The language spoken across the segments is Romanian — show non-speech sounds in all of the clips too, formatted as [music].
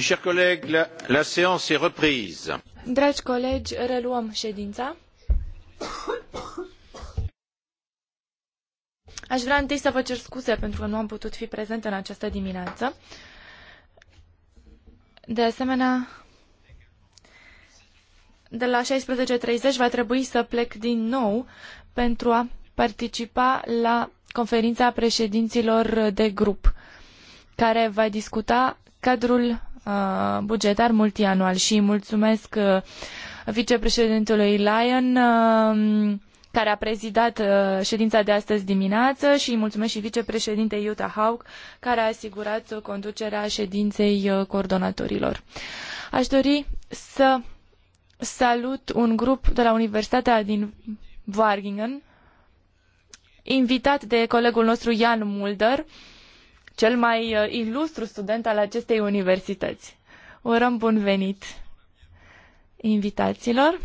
chers collègues, la, la séance est reprise. Dragi colegi, reluăm ședința. Aș vrea întâi să vă cer scuze pentru că nu am putut fi prezent în această dimineață. De asemenea, de la 16.30 va trebui să plec din nou pentru a participa la conferința președinților de grup, care va discuta cadrul Uh, bugetar multianual și îi mulțumesc uh, vicepreședintelui Lyon um, care a prezidat uh, ședința de astăzi dimineață și îi mulțumesc și vicepreședintei Jutta Haug care a asigurat conducerea ședinței coordonatorilor. Aș dori să salut un grup de la Universitatea din Wargingen, invitat de colegul nostru Jan Mulder, uh, cel mai uh, ilustru student al acestei universități. Urăm bun venit invitaților.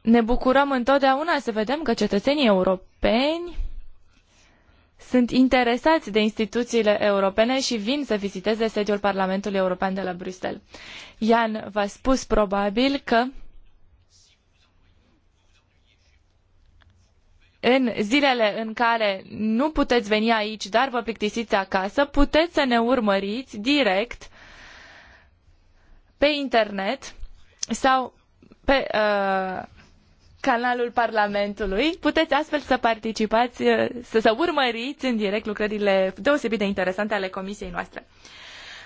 Ne bucurăm întotdeauna să vedem că cetățenii europeni sunt interesați de instituțiile europene și vin să viziteze sediul Parlamentului European de la Bruxelles. Ian v-a spus probabil că în zilele în care nu puteți veni aici, dar vă plictisiți acasă, puteți să ne urmăriți direct pe internet sau pe uh, canalul Parlamentului. Puteți astfel să participați, uh, să, să urmăriți în direct lucrările deosebit de interesante ale comisiei noastre.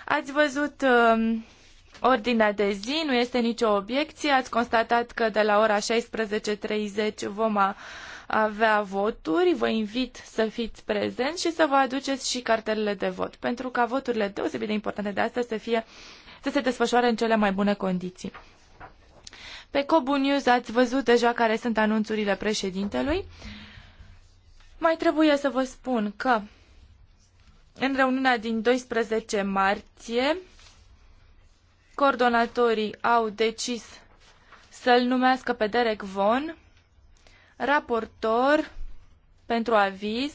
Ați văzut uh, ordinea de zi, nu este nicio obiecție. Ați constatat că de la ora 16.30 vom avea voturi. Vă invit să fiți prezenți și să vă aduceți și cartelele de vot, pentru ca voturile deosebit de importante de astăzi să, fie, să se desfășoare în cele mai bune condiții. Pe Cobu News ați văzut deja care sunt anunțurile președintelui. Mai trebuie să vă spun că în reuniunea din 12 martie, coordonatorii au decis să-l numească pe Derek Von raportor pentru aviz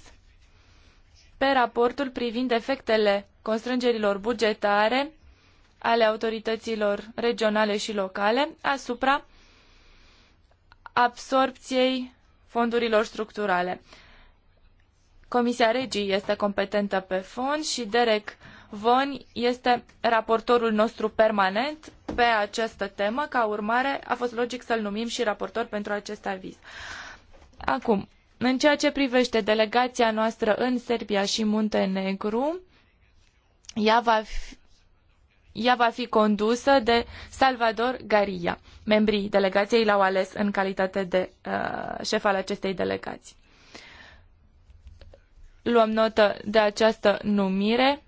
pe raportul privind efectele constrângerilor bugetare ale autorităților regionale și locale asupra absorpției fondurilor structurale. Comisia Regii este competentă pe fond și Derek Von este raportorul nostru permanent pe această temă, ca urmare a fost logic să-l numim și raportor pentru acest aviz. Acum, în ceea ce privește delegația noastră în Serbia și Muntenegru, ea va fi, ea va fi condusă de Salvador Garia. Membrii delegației l-au ales în calitate de uh, șef al acestei delegații. Luăm notă de această numire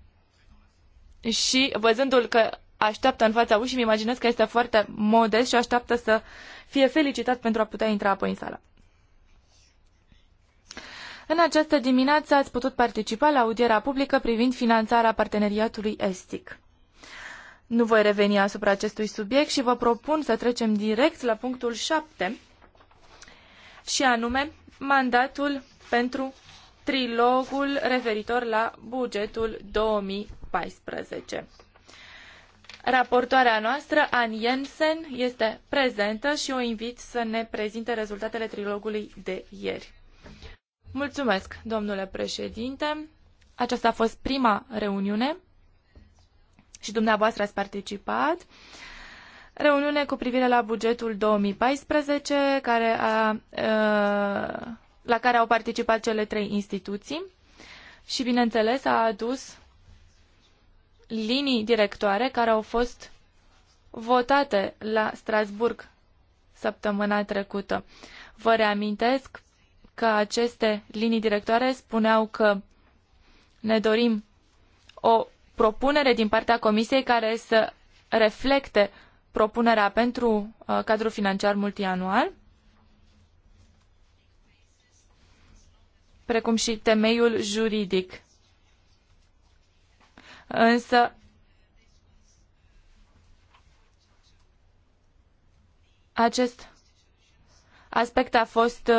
și văzându-l că așteaptă în fața ușii, îmi imaginez că este foarte modest și așteaptă să fie felicitat pentru a putea intra apoi în sală. În această dimineață ați putut participa la audierea publică privind finanțarea parteneriatului estic. Nu voi reveni asupra acestui subiect și vă propun să trecem direct la punctul 7 și anume mandatul pentru trilogul referitor la bugetul 2014. Raportoarea noastră, Ann Jensen, este prezentă și o invit să ne prezinte rezultatele trilogului de ieri. Mulțumesc, domnule președinte. Aceasta a fost prima reuniune și dumneavoastră ați participat. Reuniune cu privire la bugetul 2014, care a, la care au participat cele trei instituții și, bineînțeles, a adus linii directoare care au fost votate la Strasburg săptămâna trecută. Vă reamintesc că aceste linii directoare spuneau că ne dorim o propunere din partea Comisiei care să reflecte propunerea pentru uh, cadrul financiar multianual, precum și temeiul juridic. Însă, acest aspect a fost uh,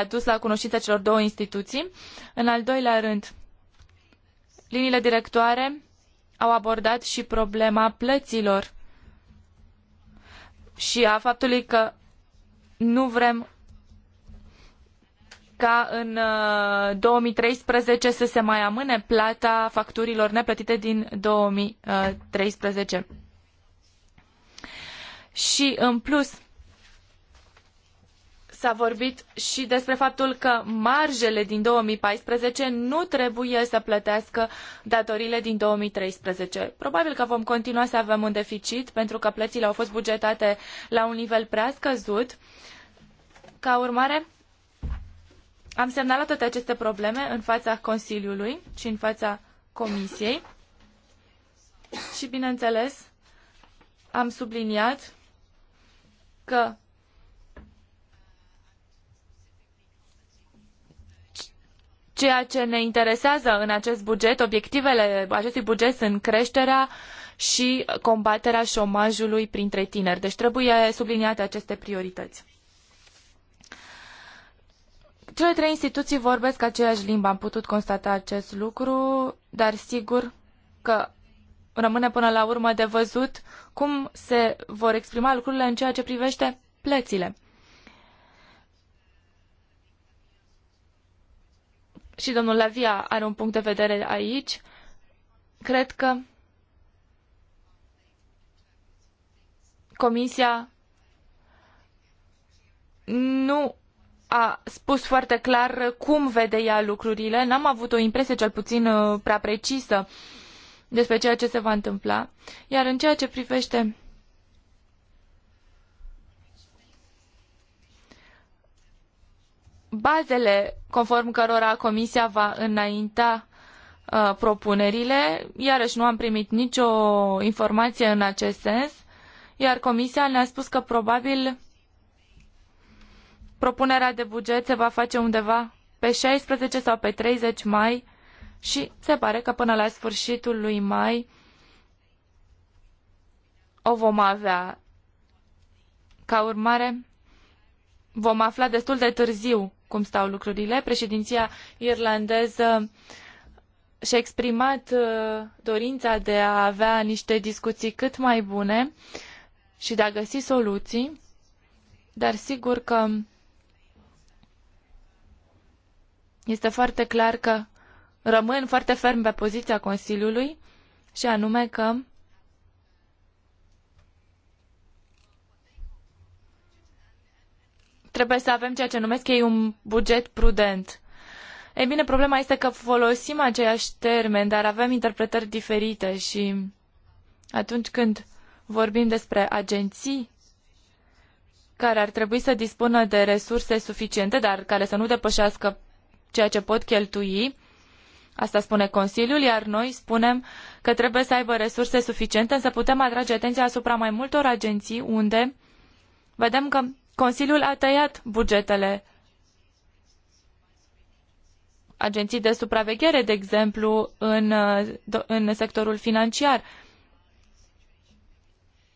adus la cunoștința celor două instituții. În al doilea rând, liniile directoare au abordat și problema plăților și a faptului că nu vrem ca în 2013 uh, să se mai amâne plata facturilor neplătite din 2013. Uh, și în plus, s-a vorbit și despre faptul că marjele din 2014 nu trebuie să plătească datoriile din 2013. Probabil că vom continua să avem un deficit pentru că plățile au fost bugetate la un nivel prea scăzut. Ca urmare, am semnalat toate aceste probleme în fața Consiliului și în fața Comisiei și, bineînțeles, am subliniat că Ceea ce ne interesează în acest buget, obiectivele acestui buget sunt creșterea și combaterea șomajului printre tineri. Deci trebuie subliniate aceste priorități. Cele trei instituții vorbesc aceeași limbă, am putut constata acest lucru, dar sigur că rămâne până la urmă de văzut cum se vor exprima lucrurile în ceea ce privește plățile. și domnul Lavia are un punct de vedere aici, cred că Comisia nu a spus foarte clar cum vede ea lucrurile. N-am avut o impresie cel puțin uh, prea precisă despre ceea ce se va întâmpla. Iar în ceea ce privește bazele conform cărora Comisia va înainta uh, propunerile. Iarăși nu am primit nicio informație în acest sens, iar Comisia ne-a spus că probabil propunerea de buget se va face undeva pe 16 sau pe 30 mai și se pare că până la sfârșitul lui mai o vom avea. Ca urmare, vom afla destul de târziu cum stau lucrurile. Președinția irlandeză și-a exprimat uh, dorința de a avea niște discuții cât mai bune și de a găsi soluții, dar sigur că este foarte clar că rămân foarte ferm pe poziția Consiliului și anume că trebuie să avem ceea ce numesc ei un buget prudent. Ei bine, problema este că folosim aceiași termeni, dar avem interpretări diferite și atunci când vorbim despre agenții care ar trebui să dispună de resurse suficiente, dar care să nu depășească ceea ce pot cheltui, Asta spune Consiliul, iar noi spunem că trebuie să aibă resurse suficiente, însă putem atrage atenția asupra mai multor agenții unde vedem că Consiliul a tăiat bugetele agenții de supraveghere, de exemplu, în, în sectorul financiar.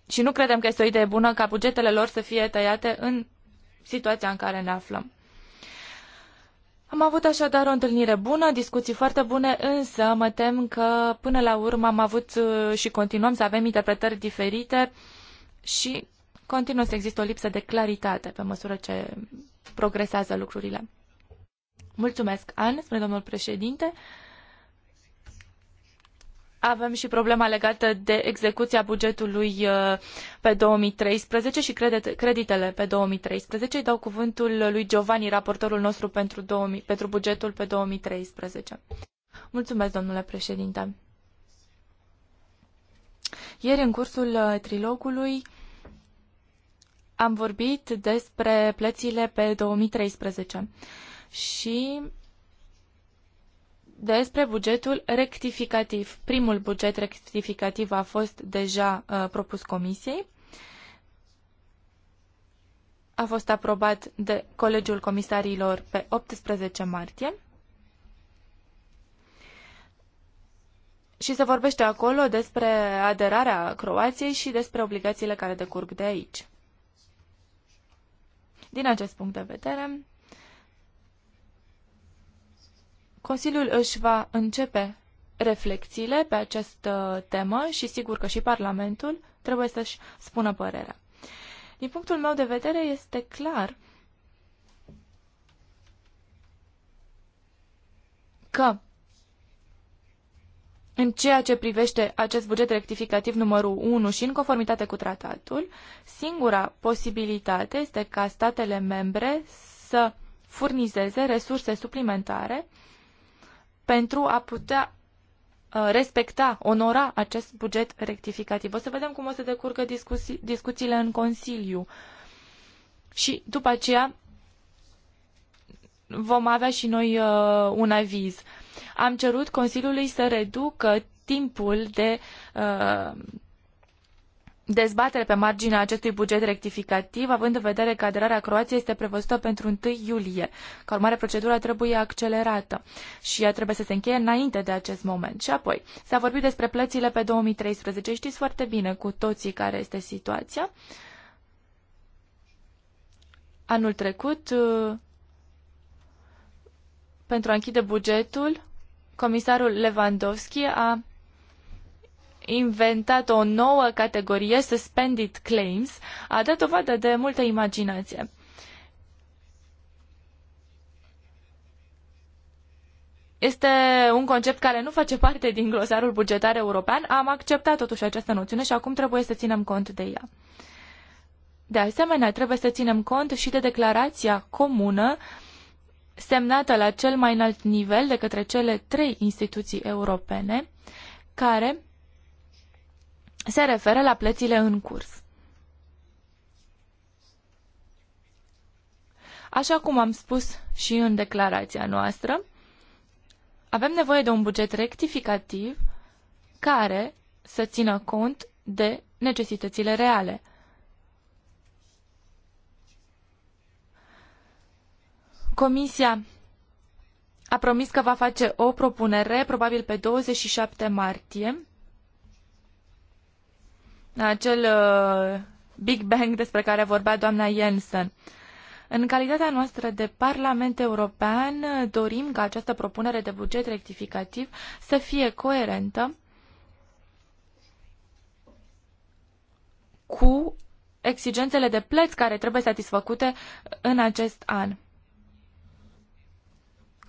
Și nu credem că este o idee bună ca bugetele lor să fie tăiate în situația în care ne aflăm. Am avut așadar o întâlnire bună, discuții foarte bune, însă mă tem că până la urmă am avut uh, și continuăm să avem interpretări diferite și Continuă să există o lipsă de claritate pe măsură ce progresează lucrurile. Mulțumesc, An, spune domnul președinte. Avem și problema legată de execuția bugetului uh, pe 2013 și creditele pe 2013. Îi dau cuvântul lui Giovanni, raportorul nostru pentru, 2000, pentru bugetul pe 2013. Mulțumesc, domnule președinte. Ieri, în cursul uh, trilogului, am vorbit despre plățile pe 2013 și despre bugetul rectificativ. Primul buget rectificativ a fost deja uh, propus comisiei. A fost aprobat de Colegiul Comisarilor pe 18 martie. Și se vorbește acolo despre aderarea Croației și despre obligațiile care decurg de aici. Din acest punct de vedere, Consiliul își va începe reflexiile pe această temă și sigur că și Parlamentul trebuie să-și spună părerea. Din punctul meu de vedere este clar că în ceea ce privește acest buget rectificativ numărul 1 și în conformitate cu tratatul, singura posibilitate este ca statele membre să furnizeze resurse suplimentare pentru a putea uh, respecta, onora acest buget rectificativ. O să vedem cum o să decurgă discuții, discuțiile în Consiliu. Și după aceea vom avea și noi uh, un aviz. Uh, am cerut Consiliului să reducă timpul de uh, dezbatere pe marginea acestui buget rectificativ, având în vedere că aderarea Croației este prevăzută pentru 1 iulie. Ca urmare, procedura trebuie accelerată și ea trebuie să se încheie înainte de acest moment. Și apoi, s-a vorbit despre plățile pe 2013. Știți foarte bine cu toții care este situația. Anul trecut, uh, pentru a închide bugetul, comisarul Lewandowski a inventat o nouă categorie, suspended claims, a dat dovadă de multă imaginație. Este un concept care nu face parte din glosarul bugetar european. Am acceptat totuși această noțiune și acum trebuie să ținem cont de ea. De asemenea, trebuie să ținem cont și de declarația comună uh, semnată la cel mai înalt nivel de către cele trei instituții europene care se referă la plățile în curs. Așa cum am spus și în declarația noastră, avem nevoie de un buget rectificativ care să țină cont de necesitățile reale. Comisia a promis că va face o propunere, probabil pe 27 martie, acel uh, Big Bang despre care vorbea doamna Jensen. În calitatea noastră de Parlament European, dorim ca această propunere de buget rectificativ să fie coerentă cu exigențele de plăți care trebuie satisfăcute în acest an.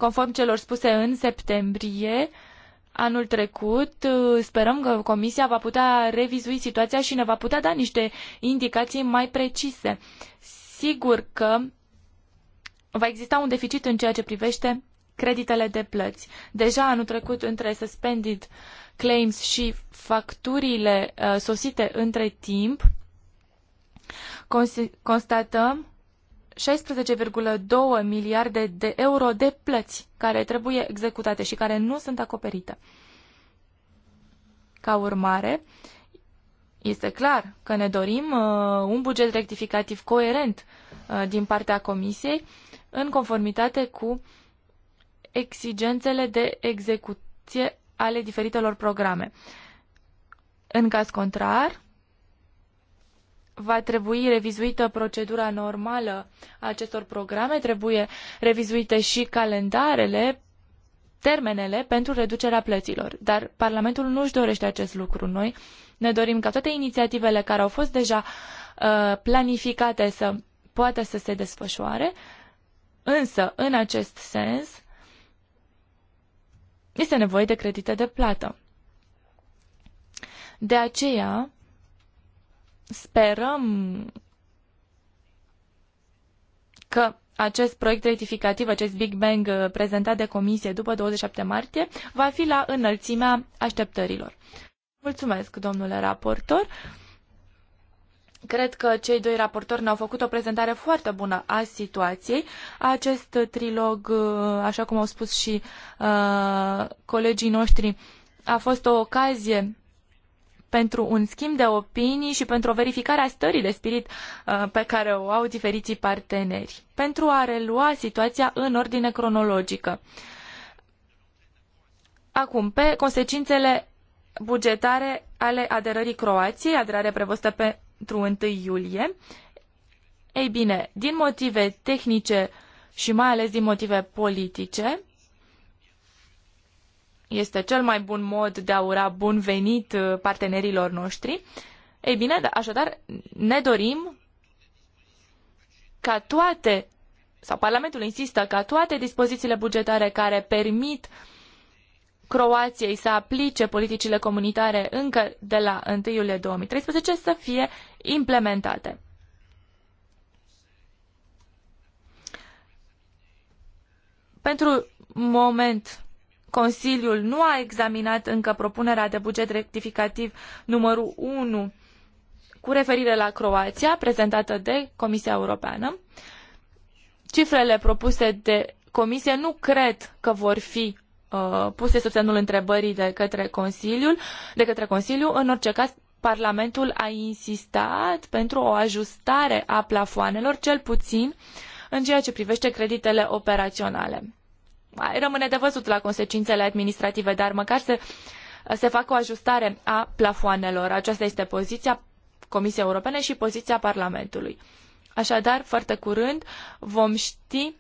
Conform celor spuse în septembrie anul trecut, uh, sperăm că Comisia va putea revizui situația și ne va putea da niște indicații mai precise. Sigur că va exista un deficit în ceea ce privește creditele de plăți. Deja anul trecut, între suspended claims și facturile uh, sosite între timp, constatăm 16,2 miliarde de euro de plăți care trebuie executate și care nu sunt acoperite. Ca urmare, este clar că ne dorim uh, un buget rectificativ coerent uh, din partea Comisiei în conformitate cu exigențele de execuție ale diferitelor programe. În caz contrar, va trebui revizuită procedura normală a acestor programe, trebuie revizuite și calendarele, termenele pentru reducerea plăților. Dar Parlamentul nu își dorește acest lucru. Noi ne dorim ca toate inițiativele care au fost deja uh, planificate să poată să se desfășoare, însă, în acest sens, este nevoie de credite de plată. De aceea, Sperăm că acest proiect rectificativ, acest Big Bang uh, prezentat de comisie după 27 martie, va fi la înălțimea așteptărilor. Mulțumesc, domnule raportor. Cred că cei doi raportori ne-au făcut o prezentare foarte bună a situației. Acest trilog, uh, așa cum au spus și uh, colegii noștri, a fost o ocazie pentru un schimb de opinii și pentru o verificare a stării de spirit uh, pe care o au diferiții parteneri, pentru a relua situația în ordine cronologică. Acum, pe consecințele bugetare ale aderării Croației, aderare prevăzută pentru 1 iulie. Ei bine, din motive tehnice și mai ales din motive politice, este cel mai bun mod de a ura bun venit uh, partenerilor noștri. Ei bine, da, așadar, ne dorim ca toate, sau Parlamentul insistă ca toate dispozițiile bugetare care permit Croației să aplice politicile comunitare încă de la 1 iulie 2013 să fie implementate. Pentru moment, Consiliul nu a examinat încă propunerea de buget rectificativ numărul unu cu referire la Croația, prezentată de Comisia Europeană. Cifrele propuse de Comisie nu cred că vor fi uh, puse sub semnul întrebării de către, Consiliul, de către Consiliu. În orice caz, Parlamentul a insistat pentru o ajustare a plafoanelor, cel puțin în ceea ce privește creditele operaționale mai rămâne de văzut la consecințele administrative, dar măcar să se facă o ajustare a plafoanelor. Aceasta este poziția Comisiei Europene și poziția Parlamentului. Așadar, foarte curând vom ști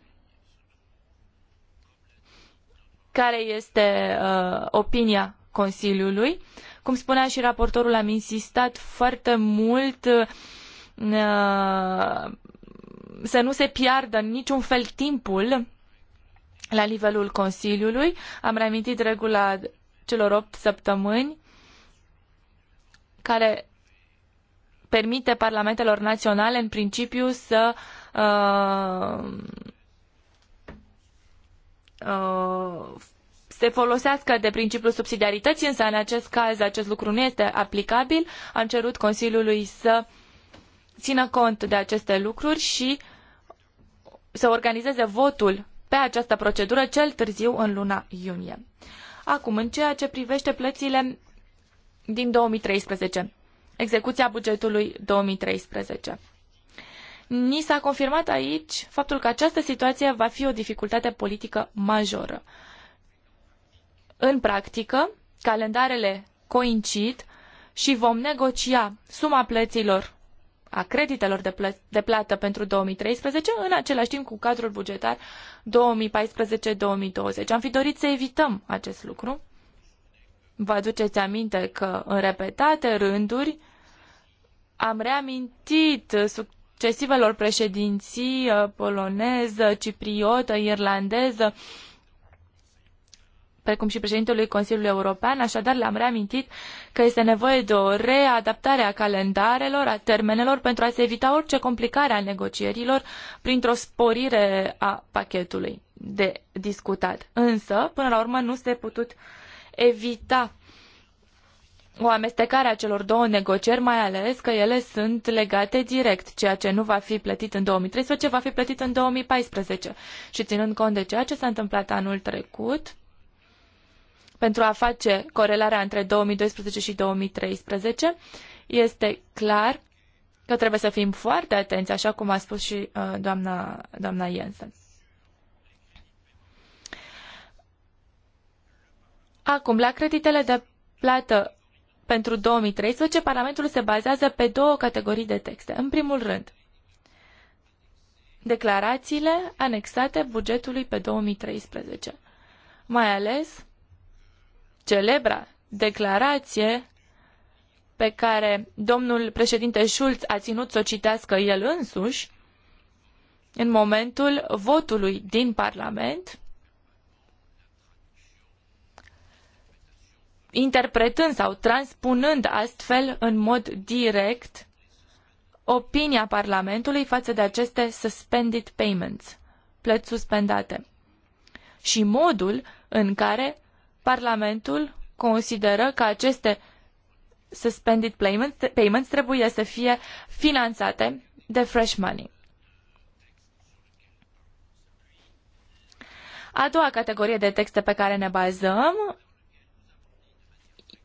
care este uh, opinia Consiliului. Cum spunea și raportorul, am insistat foarte mult uh, să nu se piardă în niciun fel timpul la nivelul Consiliului. Am reamintit regula celor opt săptămâni care permite parlamentelor naționale în principiu să uh, uh, se folosească de principiul subsidiarității, însă în acest caz acest lucru nu este aplicabil. Am cerut Consiliului să țină cont de aceste lucruri și să organizeze votul pe această procedură cel târziu în luna iunie. Acum, în ceea ce privește plățile din 2013, execuția bugetului 2013. Ni s-a confirmat aici faptul că această situație va fi o dificultate politică majoră. În practică, calendarele coincid și vom negocia suma plăților a creditelor de, plă- de plată pentru 2013, în același timp cu cadrul bugetar 2014-2020. Am fi dorit să evităm acest lucru. Vă aduceți aminte că în repetate rânduri am reamintit succesivelor președinții uh, poloneză, cipriotă, irlandeză, uh, precum și președintelui Consiliului European, așadar le-am reamintit că este nevoie de o readaptare a calendarelor, a termenelor, pentru a se evita orice complicare a negocierilor printr-o sporire a pachetului de discutat. Însă, până la urmă, nu se putut evita o amestecare a celor două negocieri, mai ales că ele sunt legate direct. Ceea ce nu va fi plătit în 2013 va fi plătit în 2014. Și ținând cont de ceea ce s-a întâmplat anul trecut, pentru a face corelarea între 2012 și 2013, este clar că trebuie să fim foarte atenți, așa cum a spus și uh, doamna, doamna Jensen. Acum, la creditele de plată pentru 2013, Parlamentul se bazează pe două categorii de texte. În primul rând, declarațiile anexate bugetului pe 2013, mai ales celebra declarație pe care domnul președinte Schulz a ținut să o citească el însuși în momentul votului din Parlament, interpretând sau transpunând astfel în mod direct opinia Parlamentului față de aceste suspended payments, plăți suspendate, și modul în care Parlamentul consideră că aceste suspended payments, payments trebuie să fie finanțate de fresh money. A doua categorie de texte pe care ne bazăm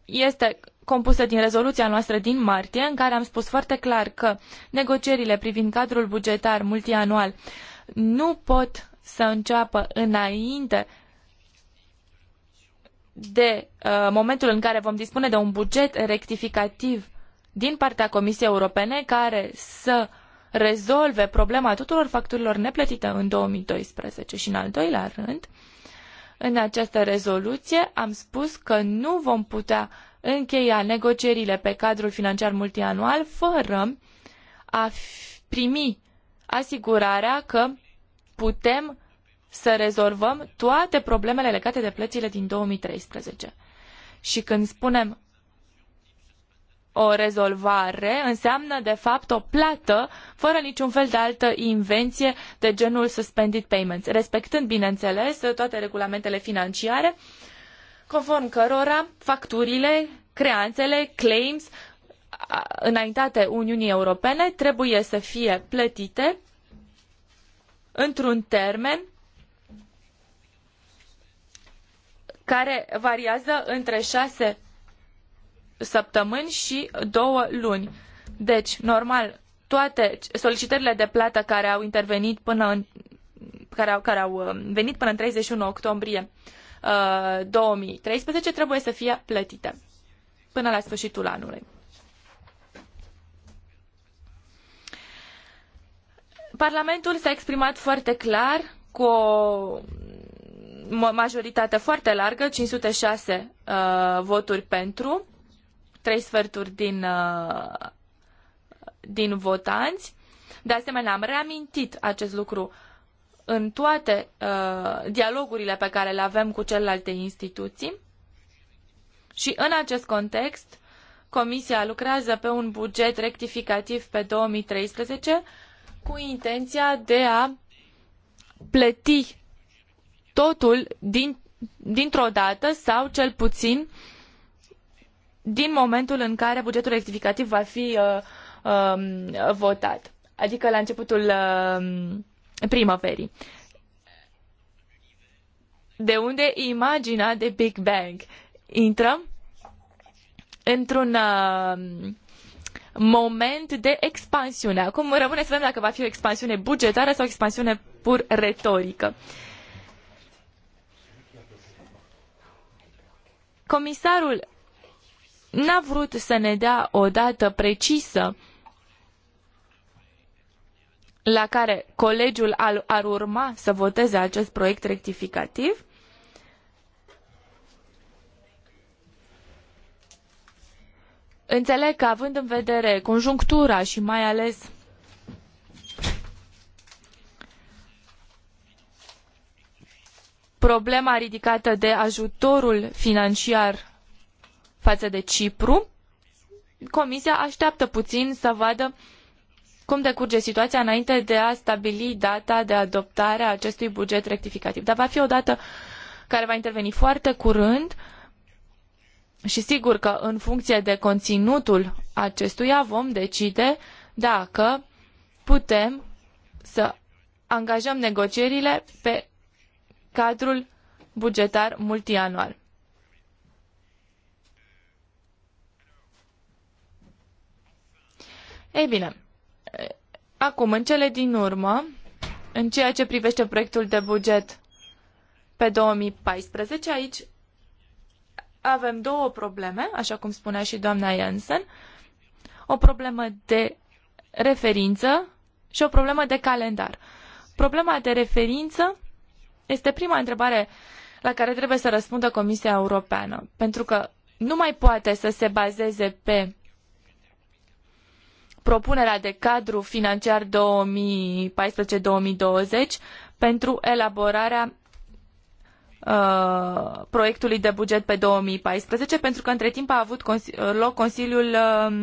este compusă din rezoluția noastră din martie, în care am spus foarte clar că negocierile privind cadrul bugetar multianual nu pot să înceapă înainte de uh, momentul în care vom dispune de un buget rectificativ din partea Comisiei Europene care să rezolve problema tuturor facturilor neplătite în 2012. Și în al doilea rând, în această rezoluție am spus că nu vom putea încheia negocierile pe cadrul financiar multianual fără a primi asigurarea că putem să rezolvăm toate problemele legate de plățile din 2013. Și când spunem o rezolvare, înseamnă de fapt o plată fără niciun fel de altă invenție de genul suspended payments, respectând, bineînțeles, toate regulamentele financiare, conform cărora facturile, creanțele, claims înaintate Uniunii Europene trebuie să fie plătite într-un termen care variază între șase săptămâni și două luni. Deci, normal, toate solicitările de plată care au intervenit până în, care, au, care au uh, venit până în 31 octombrie uh, 2013 trebuie să fie plătite până la sfârșitul anului. Parlamentul s-a exprimat foarte clar cu o majoritate foarte largă, 506 uh, voturi pentru, trei sferturi din, uh, din votanți. De asemenea, am reamintit acest lucru în toate uh, dialogurile pe care le avem cu celelalte instituții. Și în acest context, Comisia lucrează pe un buget rectificativ pe 2013 cu intenția de a plăti totul din, dintr-o dată sau cel puțin din momentul în care bugetul rectificativ va fi uh, uh, votat, adică la începutul uh, primăverii. De unde imaginea de Big Bang intră într-un um, moment de expansiune. Acum rămâne să vedem dacă va fi o expansiune bugetară sau o expansiune pur retorică. Uh, Comisarul n-a vrut să ne dea o dată precisă la care colegiul ar urma să voteze acest proiect rectificativ. Înțeleg că, având în vedere conjunctura și mai ales problema ridicată de ajutorul financiar față de Cipru, Comisia așteaptă puțin să vadă cum decurge situația înainte de a stabili data de adoptare a acestui buget rectificativ. Dar va fi o dată care va interveni foarte curând și sigur că în funcție de conținutul acestuia vom decide dacă putem să angajăm negocierile pe cadrul bugetar multianual. Ei bine, acum, în cele din urmă, în ceea ce privește proiectul de buget pe 2014, aici avem două probleme, așa cum spunea și doamna Jensen, o problemă de referință și o problemă de calendar. Problema de referință este prima întrebare la care trebuie să răspundă Comisia Europeană, pentru că nu mai poate să se bazeze pe propunerea de cadru financiar 2014-2020 pentru elaborarea uh, proiectului de buget pe 2014, pentru că între timp a avut loc Consiliul uh,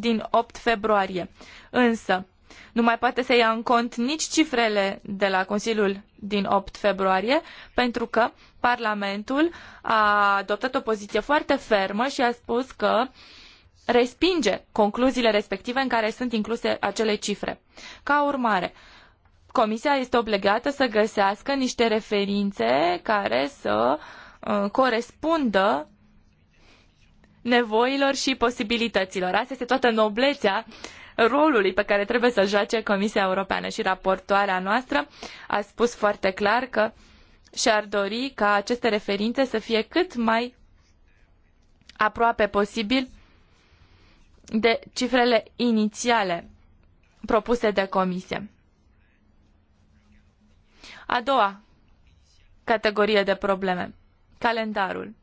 din 8 februarie. Însă, nu mai poate să ia în cont nici cifrele de la Consiliul din 8 februarie, pentru că Parlamentul a adoptat o poziție foarte fermă și a spus că respinge concluziile respective în care sunt incluse acele cifre. Ca urmare, Comisia este obligată să găsească niște referințe care să uh, corespundă nevoilor și posibilităților. Asta este toată noblețea rolului pe care trebuie să joace Comisia Europeană și raportoarea noastră a spus foarte clar că și-ar dori ca aceste referințe să fie cât mai aproape posibil de cifrele inițiale propuse de comisie. A doua categorie de probleme. Calendarul.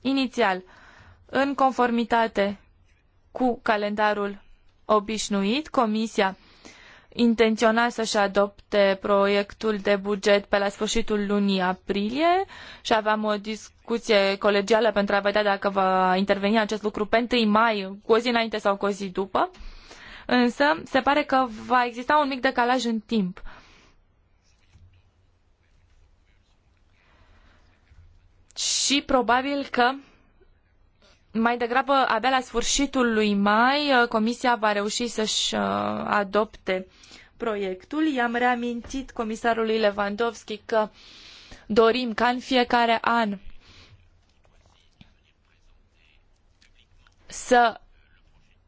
Inițial, în conformitate cu calendarul obișnuit. Comisia intenționa să-și adopte proiectul de buget pe la sfârșitul lunii aprilie și aveam o discuție colegială pentru a vedea dacă va interveni acest lucru pe 1 mai, cu o zi înainte sau cu o zi după. Însă se pare că va exista un mic decalaj în timp. Și probabil că mai degrabă, abia la sfârșitul lui mai, uh, Comisia va reuși să-și uh, adopte proiectul. I-am reamintit comisarului Lewandowski că dorim ca în fiecare an să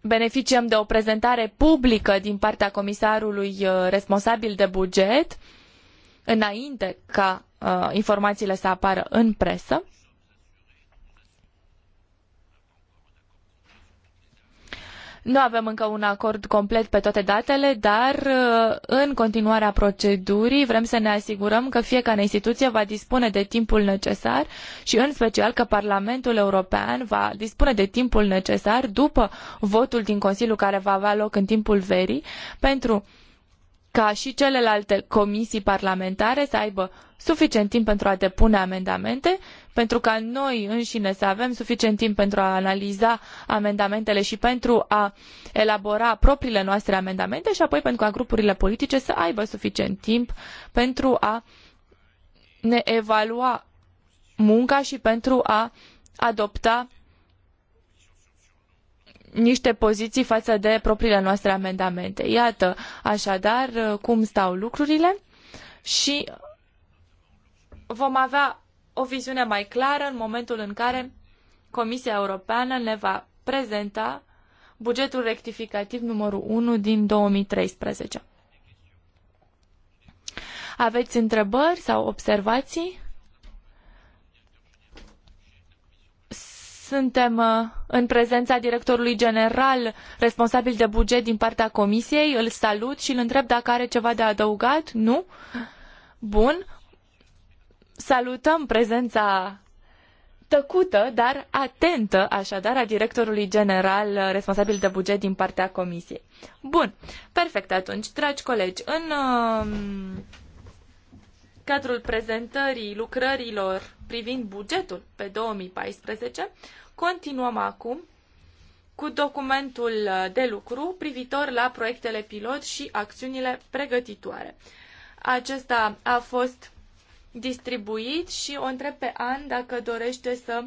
beneficiem de o prezentare publică din partea comisarului uh, responsabil de buget, înainte ca uh, informațiile să apară în presă. Nu avem încă un acord complet pe toate datele, dar uh, în continuarea procedurii vrem să ne asigurăm că fiecare instituție va dispune de timpul necesar și în special că Parlamentul European va dispune de timpul necesar după votul din Consiliu care va avea loc în timpul verii pentru ca și celelalte comisii parlamentare să aibă suficient timp pentru a depune amendamente, pentru ca noi înșine să avem suficient timp pentru a analiza amendamentele și pentru a elabora propriile noastre amendamente și apoi pentru ca grupurile politice să aibă suficient timp pentru a ne evalua munca și pentru a adopta niște poziții față de propriile noastre amendamente. Iată, așadar, cum stau lucrurile și vom avea o viziune mai clară în momentul în care Comisia Europeană ne va prezenta bugetul rectificativ numărul 1 din 2013. Aveți întrebări sau observații? Suntem uh, în prezența directorului general responsabil de buget din partea comisiei. Îl salut și îl întreb dacă are ceva de adăugat. Nu? Bun. Salutăm prezența tăcută, dar atentă, așadar, a directorului general responsabil de buget din partea comisiei. Bun, perfect atunci, dragi colegi, în uh, cadrul prezentării lucrărilor privind bugetul pe 2014, continuăm acum cu documentul uh, de lucru privitor la proiectele pilot și acțiunile pregătitoare. Acesta a fost distribuit și o întreb pe An dacă dorește să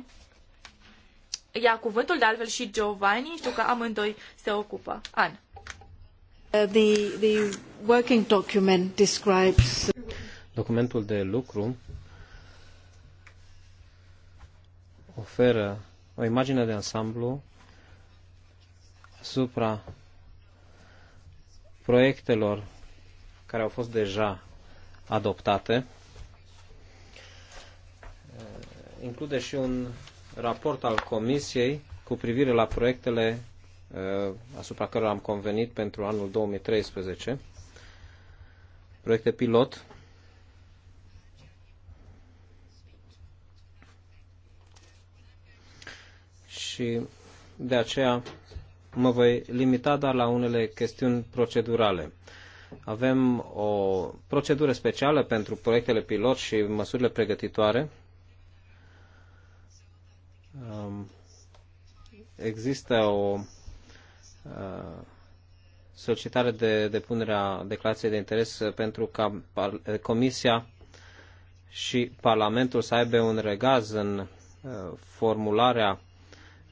ia cuvântul, de altfel și Giovanni, știu că amândoi se ocupă. An. Uh, the, the working document describes... Documentul de lucru oferă o imagine de ansamblu asupra proiectelor care au fost deja adoptate. Eh, include și un raport al Comisiei cu privire la proiectele eh, asupra cărora am convenit pentru anul 2013, proiecte pilot și de aceea mă voi limita doar la unele chestiuni procedurale. Avem o procedură specială pentru proiectele pilot și măsurile pregătitoare. Um, există o uh, solicitare de depunere a declarației de interes pentru ca Comisia și Parlamentul să aibă un regaz în uh, formularea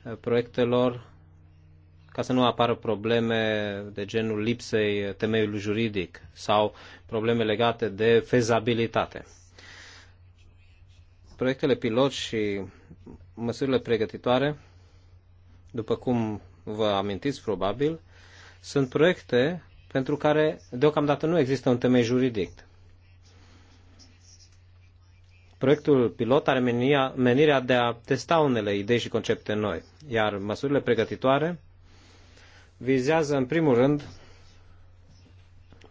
Eh, proiectelor ca să nu apară probleme de genul lipsei temeiului juridic sau probleme legate de fezabilitate. Proiectele pilot și măsurile pregătitoare, după cum vă amintiți probabil, sunt proiecte pentru care deocamdată nu există un temei juridic proiectul pilot are menia, menirea de a testa unele idei și concepte noi, iar măsurile pregătitoare vizează în primul rând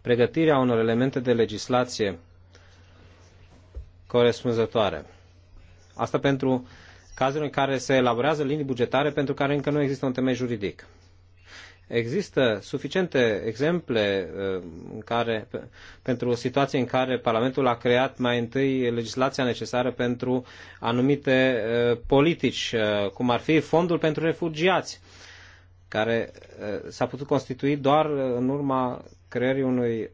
pregătirea unor elemente de legislație corespunzătoare. Asta pentru cazul în care se elaborează linii bugetare pentru care încă nu există un temei juridic. Există suficiente exemple uh, în care, pentru o situație în care Parlamentul a creat mai întâi legislația necesară pentru anumite uh, politici, uh, cum ar fi fondul pentru refugiați, care s-a putut constitui doar în urma creării unui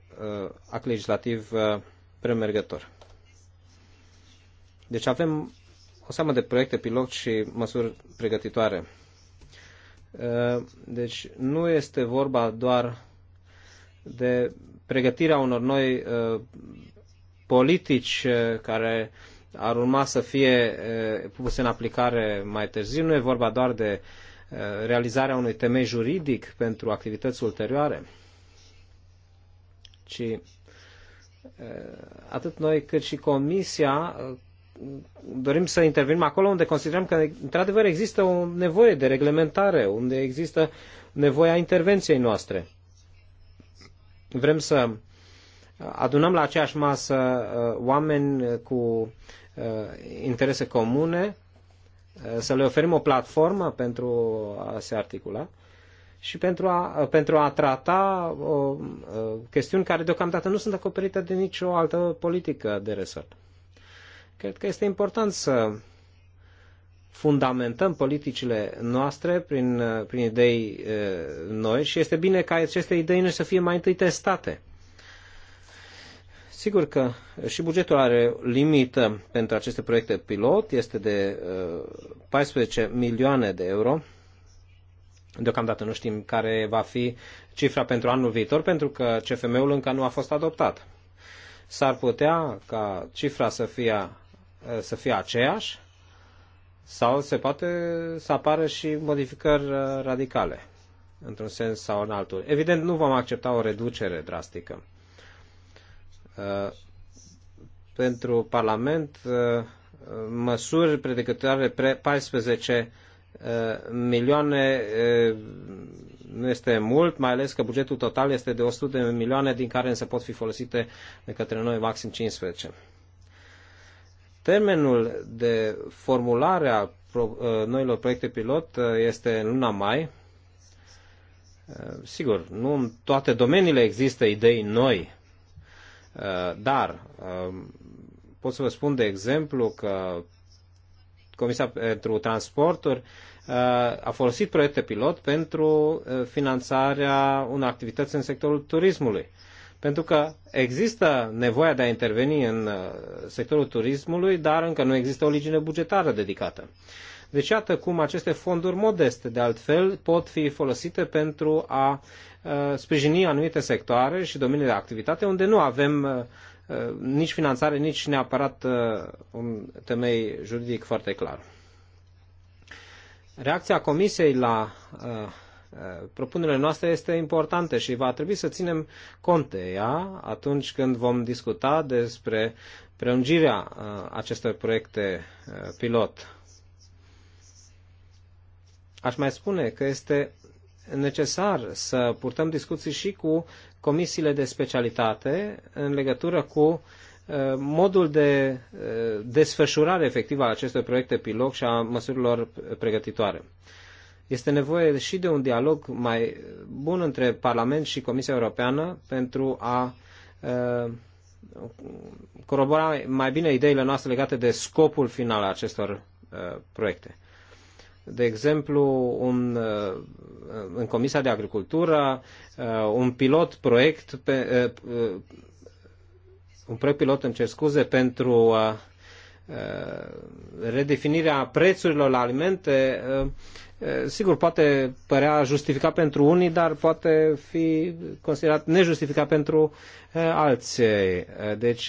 act legislativ premergător. Deci avem o seamă de proiecte pilot și măsuri pregătitoare. Uh, deci nu este vorba doar de pregătirea unor noi uh, politici uh, care ar urma să fie puse în aplicare mai târziu. Nu e vorba doar de realizarea unui temei juridic pentru activități ulterioare, ci atât noi cât și Comisia dorim să intervenim acolo unde considerăm că, într-adevăr, există o nevoie de reglementare, unde există nevoia intervenției noastre. Vrem să adunăm la aceeași masă uh, oameni cu uh, interese comune, uh, să le oferim o platformă pentru a se articula și pentru a, pentru a trata o, chestiuni care deocamdată nu sunt acoperite de nicio altă politică de resort. Cred că este important să fundamentăm politicile noastre prin, prin idei noi și este bine ca aceste idei noi să fie mai întâi testate. Sigur că și bugetul are limită pentru aceste proiecte pilot, este de 14 milioane de euro. Deocamdată nu știm care va fi cifra pentru anul viitor, pentru că CFM-ul încă nu a fost adoptat. S-ar putea ca cifra să fie să fie aceeași sau se poate să apară și modificări uh, radicale, într-un sens sau în altul. Evident, nu vom accepta o reducere drastică. Uh, pentru Parlament, uh, măsuri predecătoare pre 14 milioane nu este mult, mai ales că bugetul total este de 100 de milioane, din care însă pot fi folosite de către noi maxim 15. Termenul de formulare a uh, noilor proiecte pilot uh, este în luna mai. Uh, sigur, nu în toate domeniile există idei noi, dar pot să vă spun de exemplu că Comisia pentru Transporturi a folosit proiecte pilot pentru finanțarea unor activități în sectorul turismului pentru că există nevoia de a interveni în uh, sectorul turismului, dar încă nu există o origine bugetară dedicată. Deci iată cum aceste fonduri modeste, de altfel, pot fi folosite pentru a uh, sprijini anumite sectoare și domenii de activitate unde nu avem uh, nici finanțare, nici neapărat un temei juridic foarte clar. Reacția Comisiei la Eh, Propunerea noastră este importantă și va trebui să ținem cont de ea atunci când vom discuta despre prelungirea eh, acestor proiecte eh, pilot. Aș mai spune că este necesar să purtăm discuții și cu comisiile de specialitate în legătură cu modul de desfășurare efectivă a acestor proiecte pilot și a măsurilor pregătitoare. Este nevoie și de un dialog mai bun între Parlament și Comisia Europeană pentru a corobora mai bine ideile noastre legate de scopul final al acestor proiecte. De exemplu, un, în Comisia de Agricultură, un pilot proiect, pe, un proiect pilot, în cer scuze, pentru redefinirea prețurilor la alimente Sigur, poate părea justificat pentru unii, dar poate fi considerat nejustificat pentru alții. Deci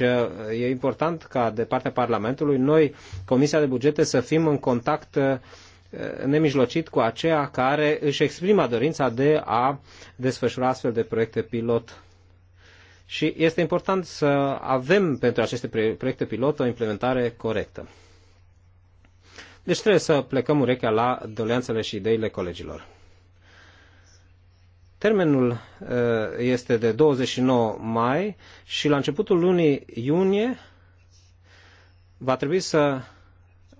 e important ca de partea Parlamentului noi, Comisia de Bugete, să fim în contact nemijlocit cu aceea care își exprimă dorința de a desfășura astfel de proiecte pilot. Și este important să avem pentru aceste proiecte pilot o implementare corectă. Deci trebuie să plecăm urechea la doleanțele și ideile colegilor. Termenul uh, este de 29 mai și la începutul lunii iunie va trebui să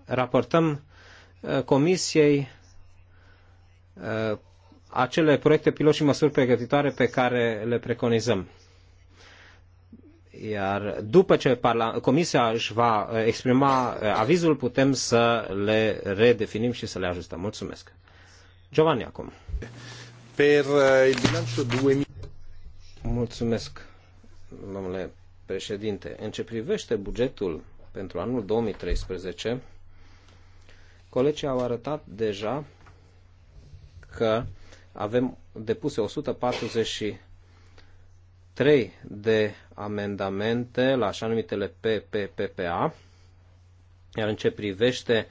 raportăm uh, comisiei uh, acele proiecte pilot și măsuri pregătitoare pe care le preconizăm. Iar după ce Comisia își va uh, exprima uh, avizul, putem să le redefinim și să le ajustăm. Mulțumesc. Giovanni acum. Per uh, il 2000... Mulțumesc, domnule președinte. În ce privește bugetul pentru anul 2013, colegii au arătat deja că avem depuse 140 trei de amendamente la așa numitele PPPPA, iar în ce privește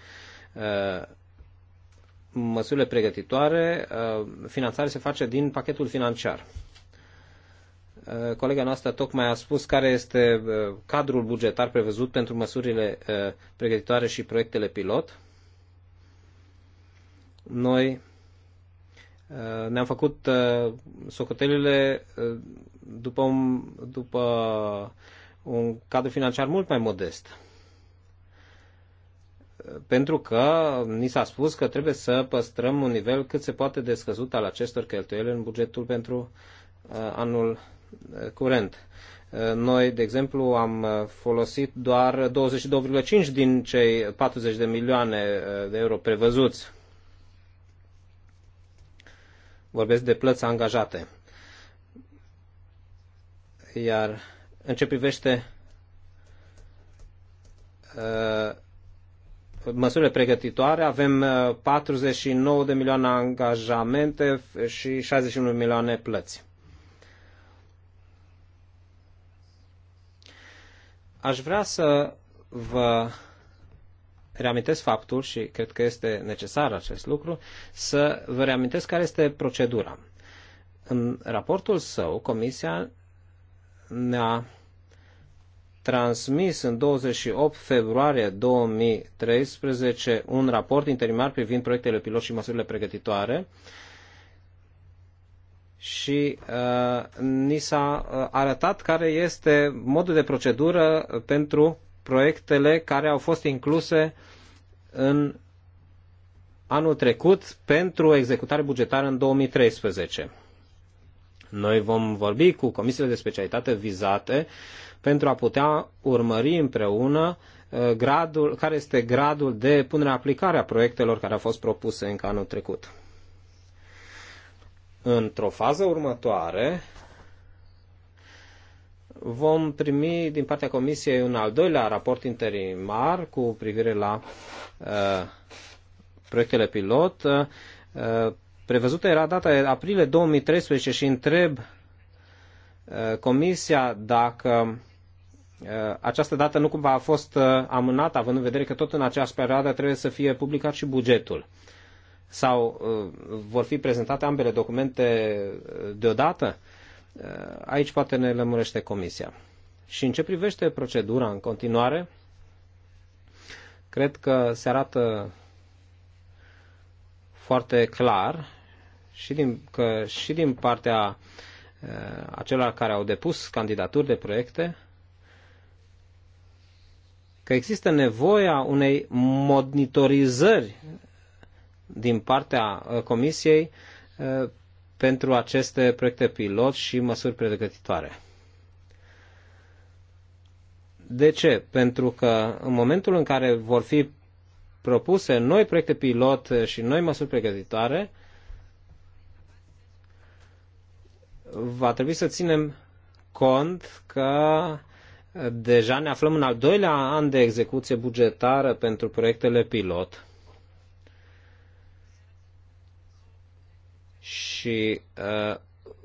uh, măsurile pregătitoare, uh, finanțarea se face din pachetul financiar. Uh, colega noastră tocmai a spus care este cadrul bugetar prevăzut pentru măsurile pregătitoare și proiectele pilot. Noi Eh, ne-am făcut eh, socotelile eh, după un, după un cadru financiar mult mai modest. Pentru că ni s-a spus că trebuie să păstrăm un nivel cât se poate de scăzut al acestor cheltuieli în bugetul pentru anul curent. Noi, de exemplu, am folosit doar 22,5 din cei 40 de milioane de euro prevăzuți Vorbesc de plăți angajate. Iar în ce privește uh, măsurile pregătitoare, avem 49 uh, de milioane angajamente și 61 milioane plăți. Aș vrea să vă reamintesc faptul, și cred că este necesar acest lucru, să vă reamintesc care este procedura. În raportul său, Comisia ne-a transmis în 28 februarie 2013 un raport interimar privind proiectele pilot și măsurile pregătitoare și uh, ni s-a uh, arătat care este modul de procedură pentru proiectele care au fost incluse în anul trecut pentru executare bugetară în 2013. Noi vom vorbi cu comisiile de specialitate vizate pentru a putea urmări împreună uh, gradul, care este gradul de punere aplicare a proiectelor care au fost propuse în anul trecut. Într-o fază următoare, vom primi din partea Comisiei un al doilea raport interimar cu privire la uh, proiectele pilot. Uh, prevăzută era data aprilie 2013 și întreb uh, Comisia dacă uh, această dată nu cumva a fost uh, amânată, având în vedere că tot în această perioadă trebuie să fie publicat și bugetul sau uh, vor fi prezentate ambele documente deodată? Eh, aici poate ne lămurește Comisia. Și în ce privește procedura în continuare, cred că se arată foarte clar și din, că și din partea eh, acelor care au depus candidaturi de proiecte că există nevoia unei monitorizări din partea eh, Comisiei pentru aceste proiecte pilot și măsuri pregătitoare. De ce? Pentru că în momentul în care vor fi propuse noi proiecte pilot și noi măsuri pregătitoare, va trebui să ținem cont că deja ne aflăm în al doilea an de execuție bugetară pentru proiectele pilot și uh,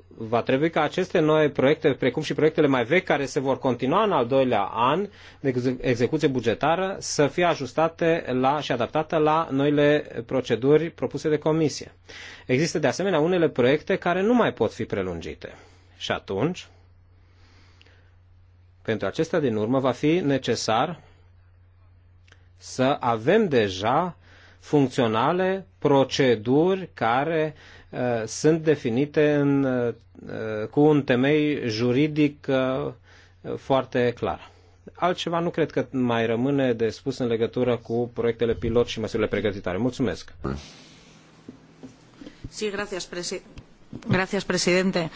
va trebui ca aceste noi proiecte, precum și proiectele mai vechi care se vor continua în al doilea an de execuție bugetară, să fie ajustate la, și adaptate la noile proceduri propuse de comisie. Există de asemenea unele proiecte care nu mai pot fi prelungite. Și atunci, pentru acestea din urmă, va fi necesar să avem deja funcționale proceduri care uh, Uh, sunt definite în, uh, cu un temei juridic uh, foarte clar. Altceva nu cred că mai rămâne de spus în legătură cu proiectele pilot și măsurile pregătitoare. Mulțumesc! Sí, gracias, presi gracias presidente.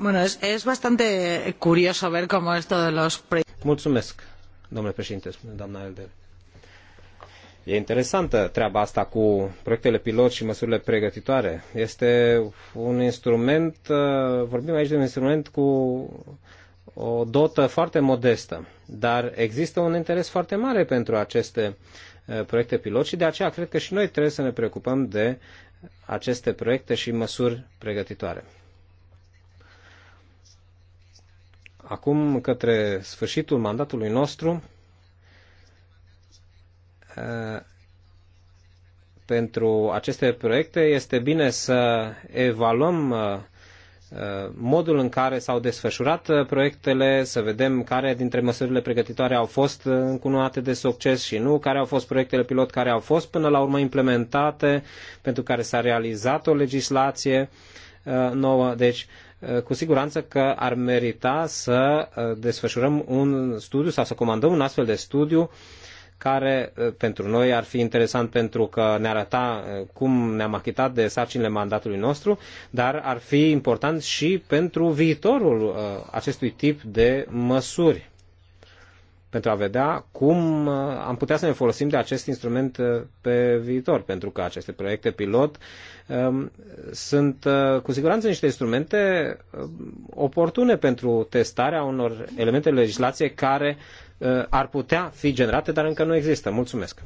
Bueno, es, es bastante curioso ver cómo esto de los... Mulțumesc, domnule președinte, doamna Elder E interesantă treaba asta cu proiectele pilot și măsurile pregătitoare. Este un instrument, uh, vorbim aici de un instrument cu o dotă foarte modestă, dar există un interes foarte mare pentru aceste uh, proiecte pilot și de aceea cred că și noi trebuie să ne preocupăm de aceste proiecte și măsuri pregătitoare. Acum, către sfârșitul mandatului nostru, Uh, pentru aceste proiecte este bine să evaluăm uh, uh, modul în care s-au desfășurat proiectele, să vedem care dintre măsurile pregătitoare au fost încununate de succes și nu, care au fost proiectele pilot care au fost până la urmă implementate, pentru care s-a realizat o legislație nouă. Deci, cu siguranță că ar merita să desfășurăm un studiu sau să comandăm un astfel de studiu care eh, pentru noi ar fi interesant pentru că ne arăta eh, cum ne-am achitat de sarcinile mandatului nostru, dar ar fi important și pentru viitorul eh, acestui tip de măsuri pentru a vedea cum am putea să ne folosim de acest instrument pe viitor, pentru că aceste proiecte pilot ehm, sunt cu siguranță niște instrumente oportune pentru testarea unor elemente legislație care Uh, ar putea fi generate, dar încă nu există. Mulțumesc!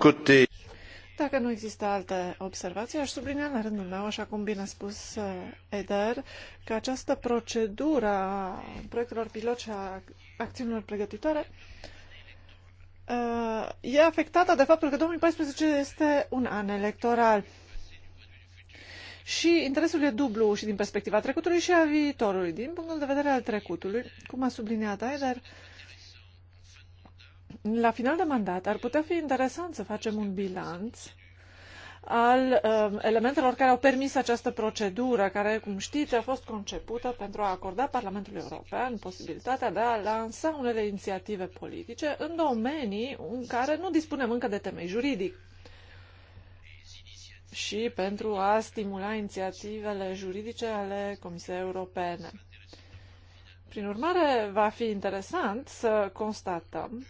Dacă nu există alte observații, aș sublinia la rândul meu, așa cum bine a spus uh, Eder, că această procedură a proiectelor pilot și a acțiunilor pregătitoare uh, e afectată de faptul că 2014 este un an electoral. Și interesul e dublu și din perspectiva trecutului și a viitorului. Din punctul de vedere al trecutului, cum a subliniat Eder, la final de mandat ar putea fi interesant să facem un bilanț al uh, elementelor care au permis această procedură, care, cum știți, a fost concepută pentru a acorda Parlamentului European posibilitatea de a lansa unele inițiative politice în domenii în care nu dispunem încă de temei juridic și pentru a stimula inițiativele juridice ale Comisiei Europene. Prin urmare, va fi interesant să constatăm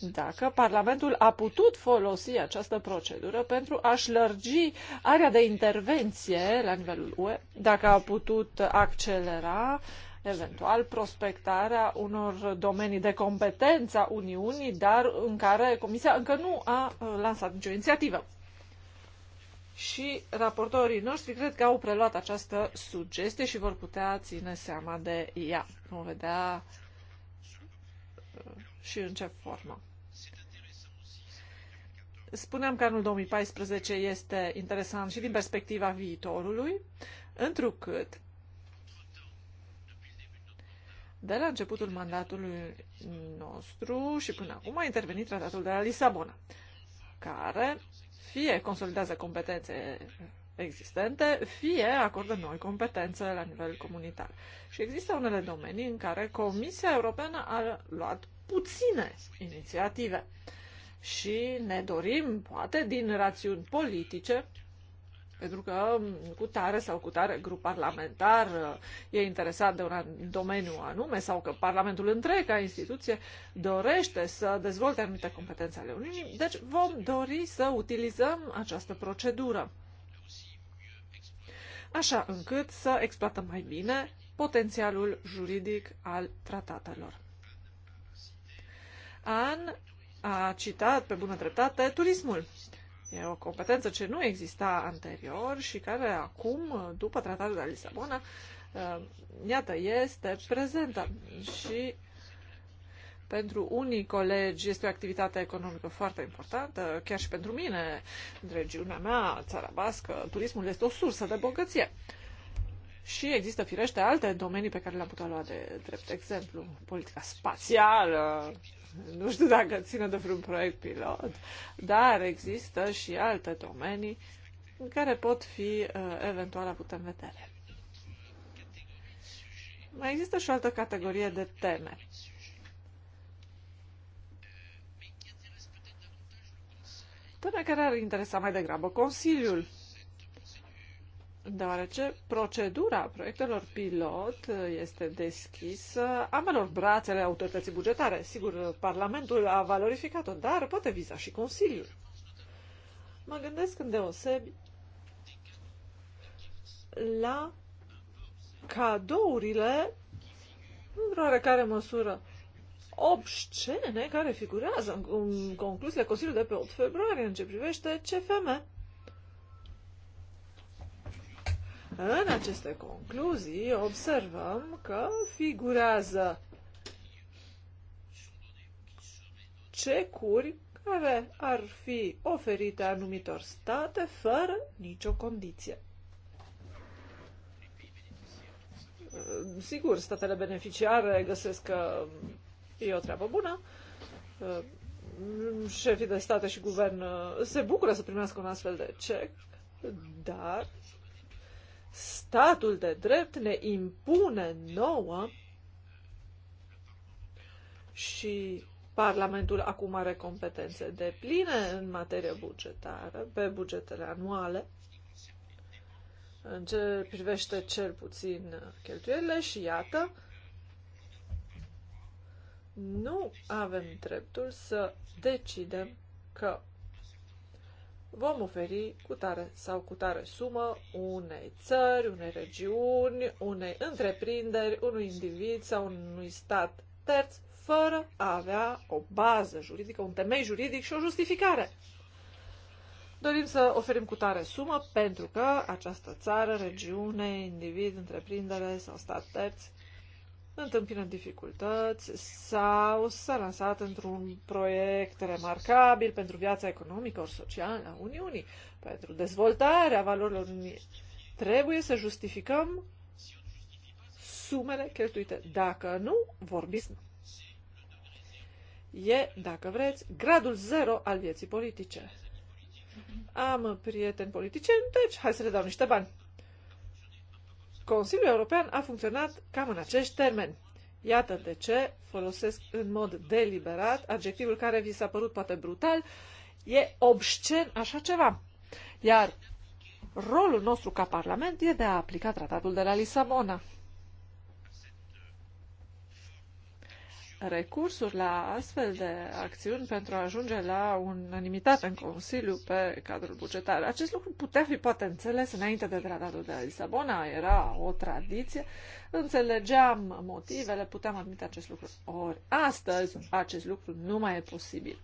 dacă Parlamentul a putut folosi această procedură pentru a-și lărgi area de intervenție la nivelul UE, dacă a putut accelera eventual prospectarea unor domenii de competență a Uniunii, dar în care Comisia încă nu a uh, lansat nicio inițiativă. Și raportorii noștri cred că au preluat această sugestie și vor putea ține seama de ea. Vom vedea uh, și în ce formă. Spuneam că anul 2014 este interesant și din perspectiva viitorului, întrucât de la începutul mandatului nostru și până acum a intervenit tratatul de la Lisabona, care fie consolidează competențe existente, fie acordă noi competențe la nivel comunitar. Și există unele domenii în care Comisia Europeană a luat puține inițiative. Uh, și ne dorim, poate din rațiuni politice, pentru că cu tare sau cu tare grup parlamentar uh, e interesat de un domeniu anume sau că Parlamentul întreg ca instituție dorește să dezvolte anumite competențe ale Uniunii, deci vom dori să utilizăm această procedură. Așa încât să exploatăm mai bine potențialul juridic al tratatelor. An a citat pe bună dreptate turismul. E o competență ce nu exista anterior și care acum, după tratatul de la Lisabona, uh, iată, este prezentă. Și pentru unii colegi este o activitate economică foarte importantă, chiar și pentru mine, în regiunea mea, țara bască, turismul este o sursă de bogăție. Și există, firește, alte domenii pe care le-am putea lua de drept exemplu. Politica spațială, nu știu dacă ține de vreun proiect pilot, dar există și alte domenii în care pot fi uh, eventual avute în vedere. Mai există și o altă categorie de teme. Teme care ar interesa mai degrabă Consiliul deoarece procedura proiectelor pilot este deschisă ambelor brațele autorității bugetare. Sigur, Parlamentul a valorificat-o, dar poate viza și Consiliul. Mă gândesc deosebi la cadourile, într-o oarecare măsură, obscene care figurează în concluziile Consiliului de pe 8 februarie în ce privește CFM În aceste concluzii observăm că figurează cecuri care ar fi oferite anumitor state fără nicio condiție. Sigur, statele beneficiare găsesc că e o treabă bună. Șefii de state și guvern uh, se bucură să primească un astfel de cec, dar statul de drept ne impune nouă și Parlamentul acum are competențe de pline în materie bugetară, pe bugetele anuale, în ce privește cel puțin cheltuielile și iată, nu avem dreptul să decidem că vom oferi cu tare sau cu tare sumă unei țări, unei regiuni, unei întreprinderi, unui individ sau unui stat terț, fără a avea o bază juridică, un temei juridic și o justificare. Dorim să oferim cu tare sumă pentru că această țară, regiune, individ, întreprindere sau stat terț întâmpină dificultăți sau s-a lansat într-un proiect remarcabil pentru viața economică ori socială a Uniunii, pentru dezvoltarea valorilor Uniunii. Trebuie să justificăm sumele cheltuite. Dacă nu, vorbiți. E, dacă vreți, gradul zero al vieții politice. Am prieteni politicieni, deci hai să le dau niște bani. Consiliul European a funcționat cam în acești termeni. Iată de ce folosesc în mod deliberat adjectivul care vi s-a părut poate brutal, e obscen așa ceva. Iar rolul nostru ca Parlament e de a aplica tratatul de la Lisabona. recursuri la astfel de acțiuni pentru a ajunge la unanimitate în Consiliu pe cadrul bugetar. Acest lucru putea fi poate înțeles înainte de tratatul de la Lisabona, era o tradiție, înțelegeam motivele, puteam admite acest lucru. Ori astăzi acest lucru nu mai e posibil.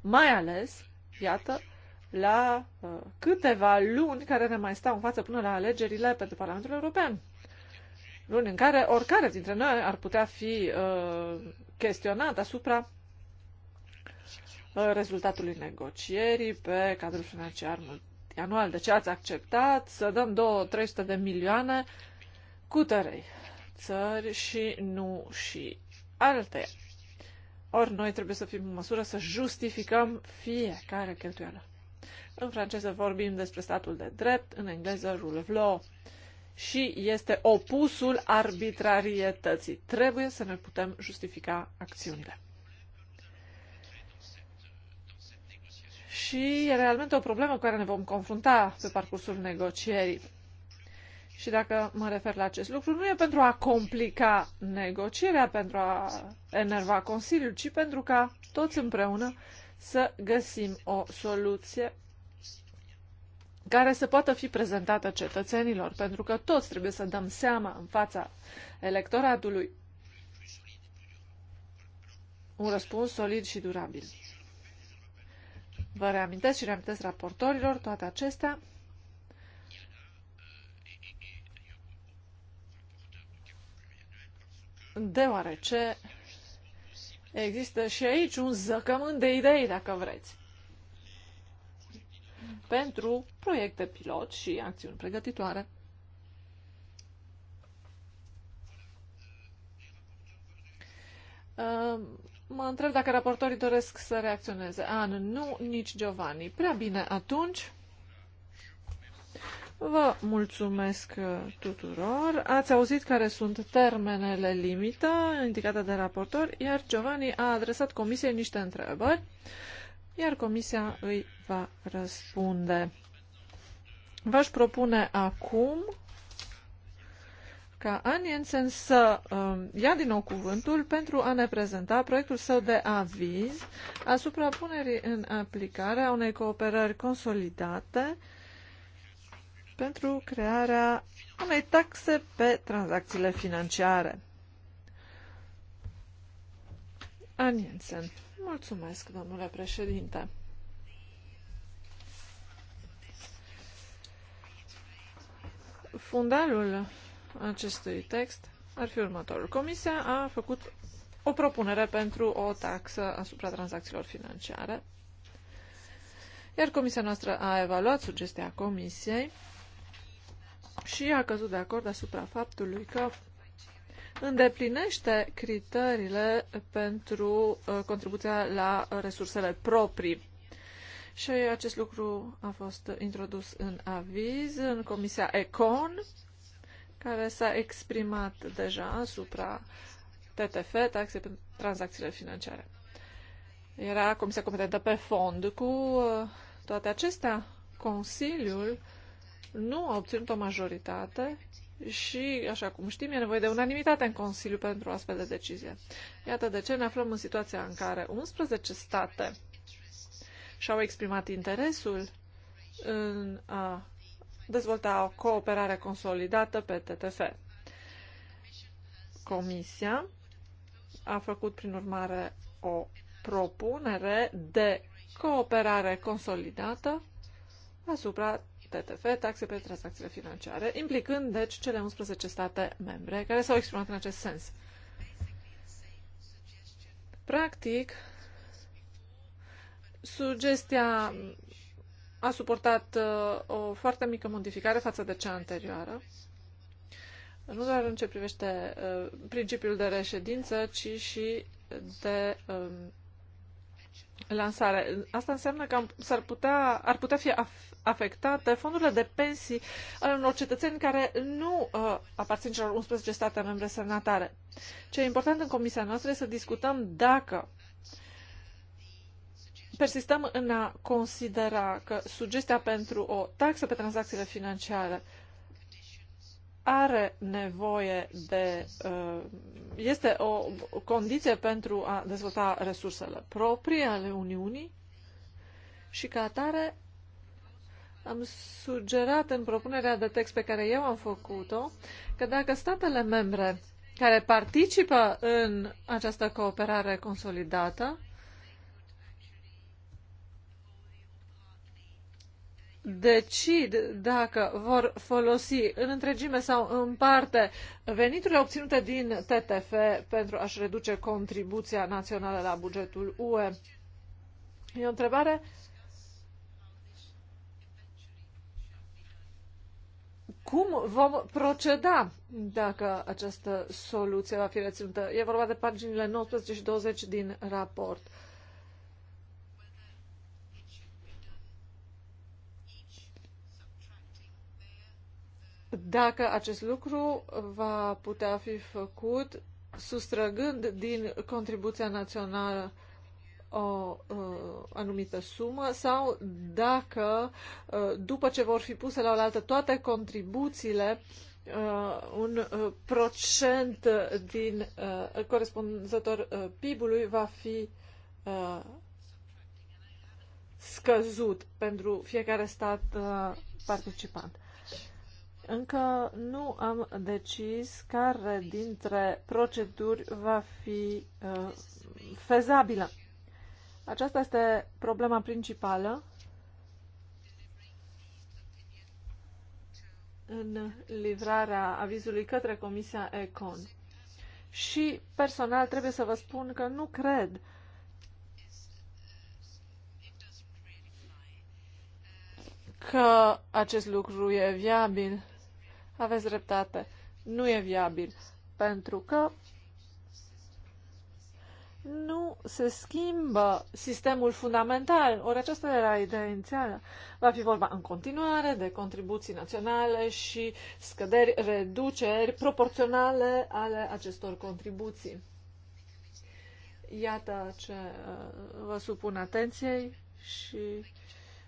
Mai ales, iată, la uh, câteva luni care ne mai stau în față până la alegerile pentru Parlamentul European luni în care oricare dintre noi ar putea fi uh, chestionat asupra uh, rezultatului negocierii pe cadrul financiar anual de deci ce ați acceptat să dăm 2-300 de milioane cu tărei țări și nu și alte. Ori noi trebuie să fim în măsură să justificăm fiecare cheltuială. În franceză vorbim despre statul de drept, în engleză rule of law. Uh, și este opusul arbitrarietății. Trebuie să ne putem justifica acțiunile. Și e realmente o problemă cu care ne vom confrunta pe parcursul negocierii. Și dacă mă refer la acest lucru, nu e pentru a complica negocierea, pentru a enerva Consiliul, ci pentru ca toți împreună să găsim o soluție care să poată fi prezentată cetățenilor, pentru că toți trebuie să dăm seama în fața electoratului un răspuns solid și durabil. Vă reamintesc și reamintesc raportorilor toate acestea. Deoarece există și aici un zăcământ de idei, dacă vreți pentru proiecte pilot și acțiuni pregătitoare. Ehm, mă întreb dacă raportorii doresc să reacționeze. An, nu, nici Giovanni. Prea bine, atunci vă mulțumesc uh, tuturor. Ați auzit care sunt termenele limită indicate de raportor, iar Giovanni a adresat comisiei niște întrebări. Uh, iar Comisia îi va răspunde. V-aș propune acum ca Aniensen să uh, ia din nou cuvântul pentru a ne prezenta proiectul său de aviz asupra punerii în aplicare a unei cooperări consolidate pentru crearea unei taxe pe tranzacțiile financiare. Aniensen. Mulțumesc, domnule președinte. Fundalul acestui text ar fi următorul. Comisia a făcut o propunere pentru o taxă asupra tranzacțiilor financiare, iar comisia noastră a evaluat sugestia comisiei și a căzut de acord asupra faptului că îndeplinește criteriile pentru uh, contribuția la resursele proprii. Și acest lucru a fost introdus în aviz în Comisia ECON, care s-a exprimat deja asupra TTF, taxe pentru tranzacțiile financiare. Era Comisia competentă pe fond. Cu uh, toate acestea, Consiliul nu a obținut o majoritate și, așa cum știm, e nevoie de unanimitate în Consiliu pentru o astfel de decizie. Iată de ce ne aflăm în situația în care 11 state și-au exprimat interesul în a dezvolta o cooperare consolidată pe TTF. Comisia a făcut, prin urmare, o propunere de cooperare consolidată asupra TTF, taxe pe tranzacțiile financiare, implicând deci cele 11 state membre care s-au exprimat în acest sens. Practic, sugestia a suportat uh, o foarte mică modificare față de cea anterioară, nu doar în ce privește uh, principiul de reședință, ci și de um, lansare. Asta înseamnă că s-ar putea, ar putea fi af- afectate fondurile de pensii ale unor cetățeni care nu uh, aparțin celor 11 state membre semnatare. Ce e important în comisia noastră este să discutăm dacă persistăm în a considera că sugestia pentru o taxă pe tranzacțiile financiare are nevoie de. Uh, este o condiție pentru a dezvolta resursele proprii ale Uniunii și ca atare am sugerat în propunerea de text pe care eu am făcut-o că dacă statele membre care participă în această cooperare consolidată decid dacă vor folosi în întregime sau în parte veniturile obținute din TTF pentru a-și reduce contribuția națională la bugetul UE. E o întrebare cum vom proceda dacă această soluție va fi reținută? E vorba de paginile 19 și 20 din raport. Uh, dacă acest lucru va putea fi făcut sustrăgând din contribuția națională o, uh, anumită sumă sau dacă, după ce vor fi puse la oaltă toate contribuțiile, un procent din corespunzător PIB-ului va fi scăzut pentru fiecare stat participant. Încă nu am decis care dintre proceduri va fi uh, fezabilă. Aceasta este problema principală în livrarea avizului către Comisia Econ. Și personal trebuie să vă spun că nu cred că acest lucru e viabil aveți dreptate. Nu e viabil. Pentru că nu se schimbă sistemul fundamental. Ori aceasta era ideea inițială. Va fi vorba în continuare de contribuții naționale și scăderi, reduceri proporționale ale acestor contribuții. Iată ce uh, vă supun atenției și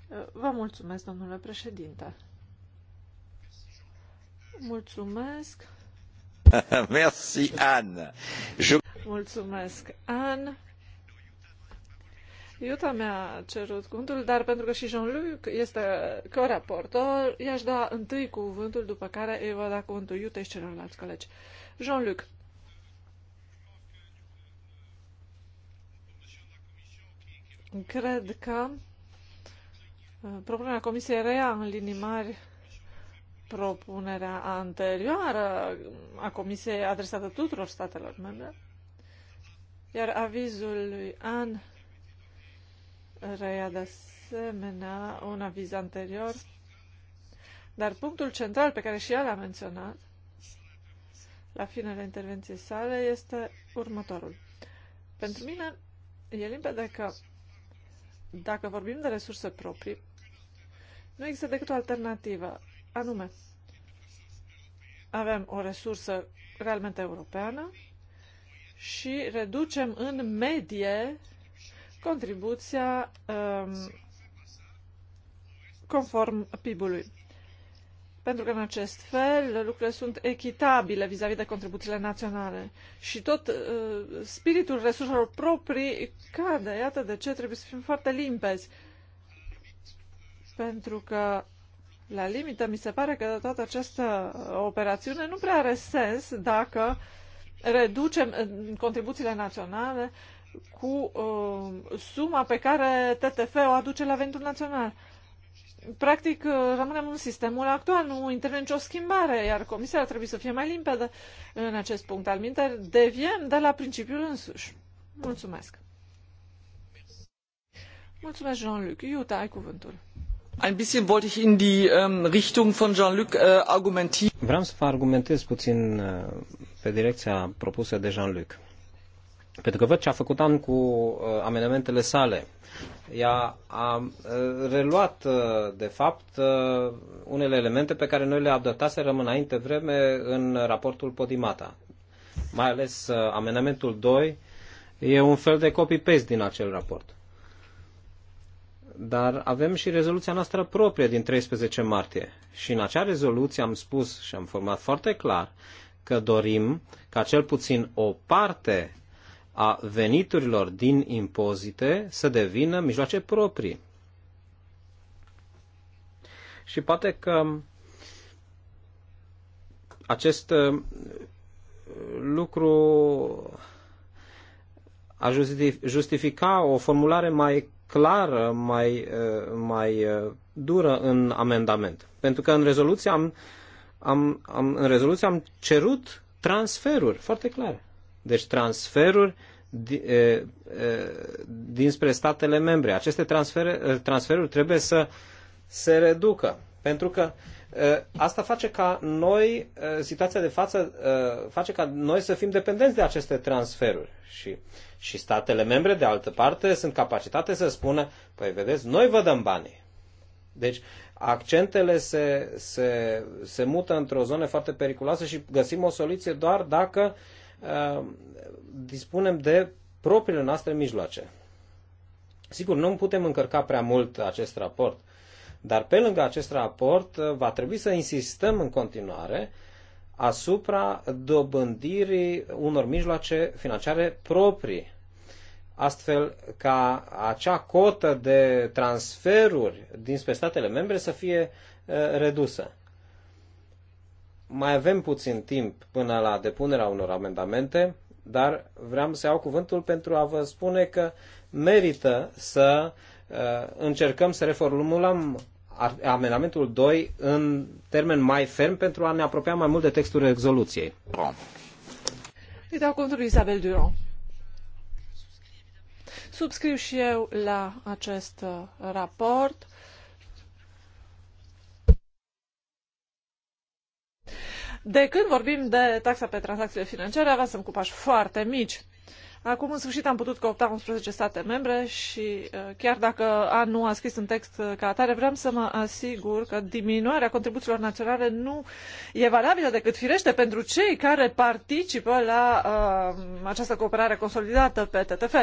uh, vă mulțumesc, domnule președinte. Mulțumesc. [laughs] Merci, Anne. Je... Mulțumesc, Anne. Iuta mi-a cerut cuvântul, dar pentru că și Jean-Luc este co-raportor, i-aș da întâi cuvântul, după care îi va da cuvântul Iuta și celorlalți colegi. Jean-Luc. Cred că uh, problema Comisiei rea în linii mari propunerea anterioară a Comisiei adresată tuturor statelor membre, iar avizul lui An reia de asemenea un aviz anterior, dar punctul central pe care și el a menționat la finele intervenției sale este următorul. Pentru mine e limpede că dacă vorbim de resurse proprii, nu există decât o alternativă Anume, avem o resursă realmente europeană și reducem în medie contribuția um, conform PIB-ului. Pentru că în acest fel lucrurile sunt echitabile vis-a-vis -vis de contribuțiile naționale și tot uh, spiritul resurselor proprii cade. Iată de ce trebuie să fim foarte limpezi. Pentru că la limită, mi se pare că toată această operațiune nu prea are sens dacă reducem contribuțiile naționale cu uh, suma pe care TTF o aduce la venitul național. Practic, uh, rămânem în sistemul actual, nu intervine nicio schimbare, iar comisia ar trebui să fie mai limpede în acest punct. Al minter, deviem de la principiul însuși. Mulțumesc! Mulțumesc, Jean-Luc. Iuta, ai cuvântul. Ähm, äh, Vreau să vă argumentez puțin uh, pe direcția propusă de Jean-Luc. Pentru că văd ce a făcut An cu uh, amendamentele sale. Ea a uh, reluat, de fapt, unele elemente pe care noi le adaptaserăm înainte vreme în raportul Podimata. Mai ales amendamentul 2 e un fel de copy-paste din acel raport dar avem și rezoluția noastră proprie din 13 martie. Și în acea rezoluție am spus și am format foarte clar că dorim ca cel puțin o parte a veniturilor din impozite să devină mijloace proprii. Și poate că acest uh, lucru a justifica o formulare mai clară, mai, uh, mai uh, dură în amendament. Pentru că în rezoluție am, am, am, în rezoluție am cerut transferuri, foarte clare. Deci transferuri uh, dinspre statele membre. Aceste transfer, transferuri trebuie să se reducă. Pentru că asta face ca noi, situația de față, face ca noi să fim dependenți de aceste transferuri. Și uh, și statele membre, de altă parte, sunt capacitate să spună, păi vedeți, noi vă dăm banii. Deci, accentele se, se, se mută într-o zonă foarte periculoasă și găsim o soluție doar dacă uh, dispunem de propriile noastre mijloace. Sigur, nu putem încărca prea mult acest raport, dar pe lângă acest raport uh, va trebui să insistăm în continuare uh, asupra dobândirii unor mijloace financiare proprii, astfel ca acea cotă de transferuri dinspre statele membre să fie redusă. Mai avem puțin timp până la depunerea unor amendamente, dar vreau să iau cuvântul pentru a vă spune că merită să încercăm să reformulăm amendamentul 2 în termen mai ferm pentru a ne apropia mai mult de textul rezoluției. Îi dau Isabel Duron. Subscriu și eu la acest uh, raport. De când vorbim de taxa pe tranzacțiile financiare, avansăm cu pași foarte mici. Acum, în sfârșit, am putut coopta 11 state membre și uh, chiar dacă A nu a scris în text uh, ca atare, vrem să mă asigur că diminuarea contribuțiilor naționale nu e valabilă decât firește pentru cei care participă la uh, această cooperare consolidată pe TTF,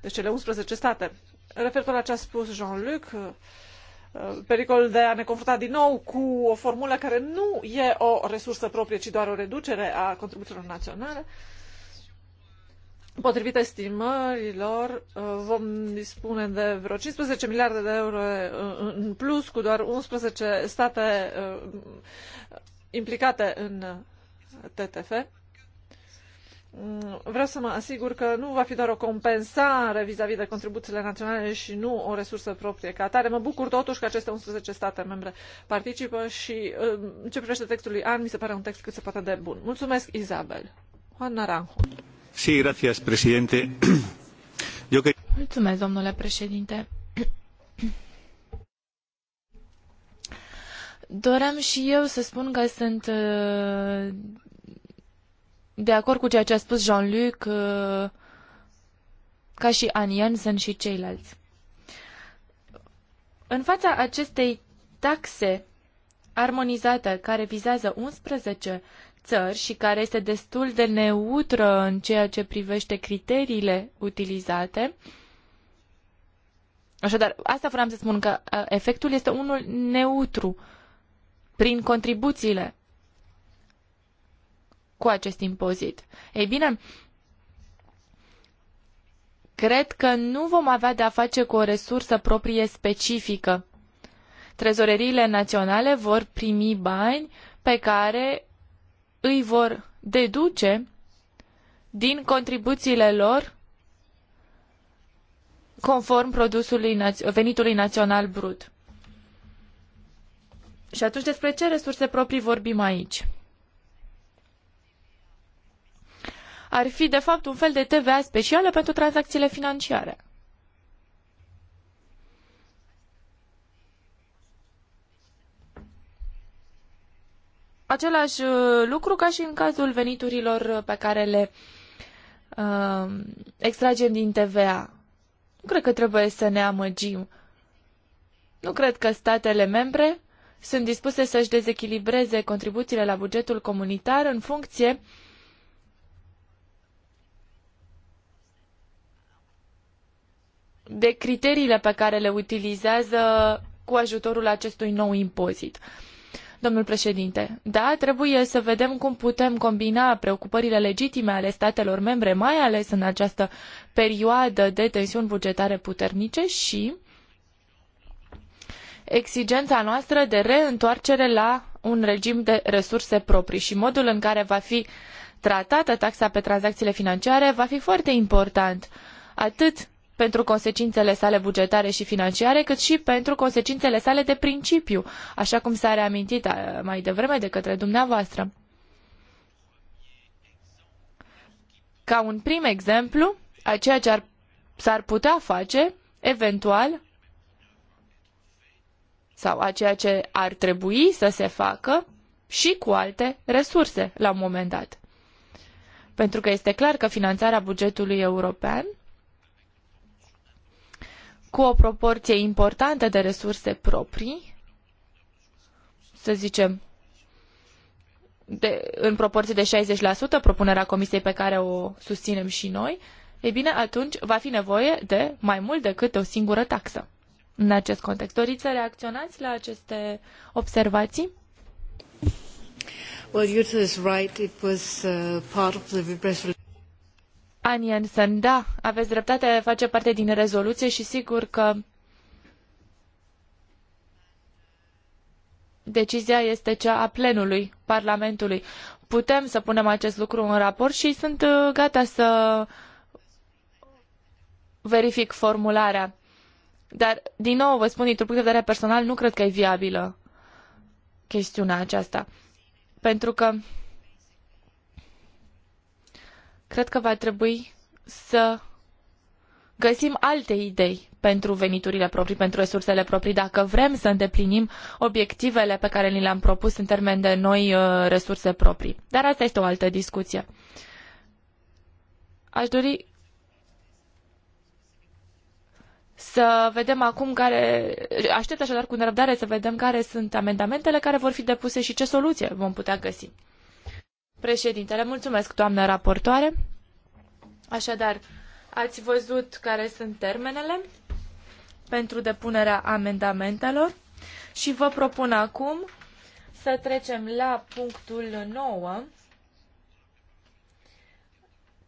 deci cele 11 state. Referitor la ce a spus Jean-Luc, uh, pericol de a ne confrunta din nou cu o formulă care nu e o resursă proprie, ci doar o reducere a contribuțiilor naționale, uh, Potrivit estimărilor, uh, vom dispune de vreo 15 miliarde de euro uh, în plus, cu doar 11 state uh, implicate în TTF. Mm, vreau să mă asigur că nu va fi doar o compensare vis-a-vis de contribuțiile naționale și nu o resursă proprie. Ca atare, mă bucur totuși că aceste 11 state membre participă și în ce privește lui an, mi se pare un text cât se poate de bun. Mulțumesc, Isabel. Juan Naranjo. Sí, Mulțumesc, domnule președinte. Doream și eu să spun că sunt uh, de acord cu ceea ce a spus Jean-Luc, uh, ca și Anian sunt și ceilalți. În fața acestei taxe armonizată care vizează 11 țări și care este destul de neutră în ceea ce privește criteriile utilizate. Așadar, asta vreau să spun că uh, efectul este unul neutru prin contribuțiile cu acest impozit. Ei bine, cred că nu vom avea de a face cu o resursă proprie specifică. Trezoreriile naționale vor primi bani pe care îi vor deduce din contribuțiile lor conform produsului venitului național brut. Și atunci despre ce resurse proprii vorbim aici? Ar fi de fapt un fel de TVA specială pentru tranzacțiile financiare. același uh, lucru ca și în cazul veniturilor uh, pe care le uh, extragem din TVA. Nu cred că trebuie să ne amăgim. Nu cred că statele membre sunt dispuse să-și dezechilibreze contribuțiile la bugetul comunitar în funcție de criteriile pe care le utilizează cu ajutorul acestui nou impozit. Uh, Domnul președinte, da, trebuie să vedem cum putem combina preocupările legitime ale statelor membre, mai ales în această perioadă de tensiuni bugetare puternice și exigența noastră de reîntoarcere la un regim de resurse proprii și modul în care va fi tratată taxa pe tranzacțiile financiare va fi foarte important, atât pentru consecințele sale bugetare și financiare, cât și pentru consecințele sale de principiu, așa cum s-a reamintit mai devreme de către dumneavoastră. Ca un prim exemplu a ceea ce ar, s-ar putea face, eventual, sau a ceea ce ar trebui să se facă și cu alte resurse la un moment dat. Pentru că este clar că finanțarea bugetului european cu o proporție importantă de resurse proprii, să zicem, de, în proporție de 60%, propunerea comisiei pe care o susținem și noi, e bine, atunci va fi nevoie de mai mult decât o singură taxă. În acest context, doriți să reacționați la aceste observații? Well, Jutta is right. It was uh, part of the Ann da, aveți dreptate, face parte din rezoluție și sigur că decizia este cea a plenului Parlamentului. Putem să punem acest lucru în raport și sunt uh, gata să verific formularea. Dar, din nou, vă spun, dintr-un punct de vedere personal, nu cred că e viabilă chestiunea aceasta. Pentru că Cred că va trebui să găsim alte idei pentru veniturile proprii, pentru resursele proprii, dacă vrem să îndeplinim obiectivele pe care ni le-am propus în termen de noi uh, resurse proprii. Dar asta este o altă discuție. Aș dori să vedem acum care. Aștept așadar cu nerăbdare să vedem care sunt amendamentele care vor fi depuse și ce soluție vom putea găsi. Președintele, mulțumesc, doamnă raportoare. Așadar, ați văzut care sunt termenele pentru depunerea amendamentelor și vă propun acum să trecem la punctul 9,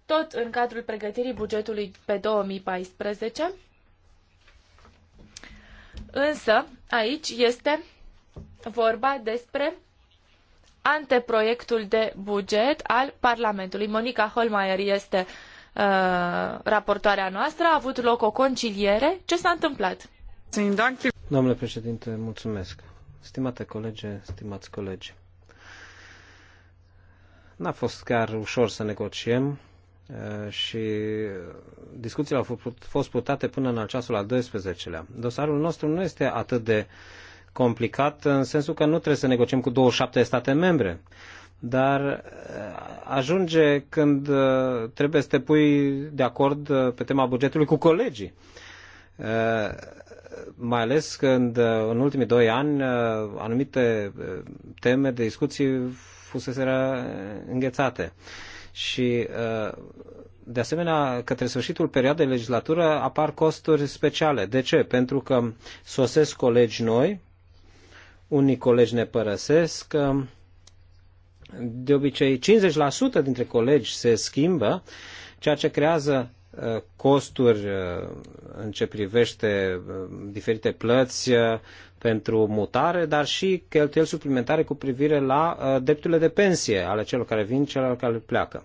tot în cadrul pregătirii bugetului pe 2014, însă aici este vorba despre anteproiectul de buget al Parlamentului. Monica Holmeier este uh, raportoarea noastră. A avut loc o conciliere. Ce s-a întâmplat? Domnule președinte, mulțumesc. Stimate colege, stimați colegi. N-a fost chiar ușor să negociem uh, și discuțiile au fost purtate până în al ceasul al 12-lea. Dosarul nostru nu este atât de uh, complicat în sensul că nu trebuie să negociem cu 27 state membre, dar eh, ajunge când eh, trebuie să te pui de acord eh, pe tema bugetului cu colegii mai ales când în ultimii doi ani anumite teme de discuții fusese înghețate. Și de asemenea, către sfârșitul perioadei legislatură apar costuri speciale. De ce? Pentru că sosesc colegi noi unii colegi ne părăsesc, de obicei 50% dintre colegi se schimbă, ceea ce creează uh, costuri uh, în ce privește uh, diferite plăți pentru mutare, dar și cheltuieli suplimentare cu privire la drepturile de pensie ale celor care vin, celor care pleacă.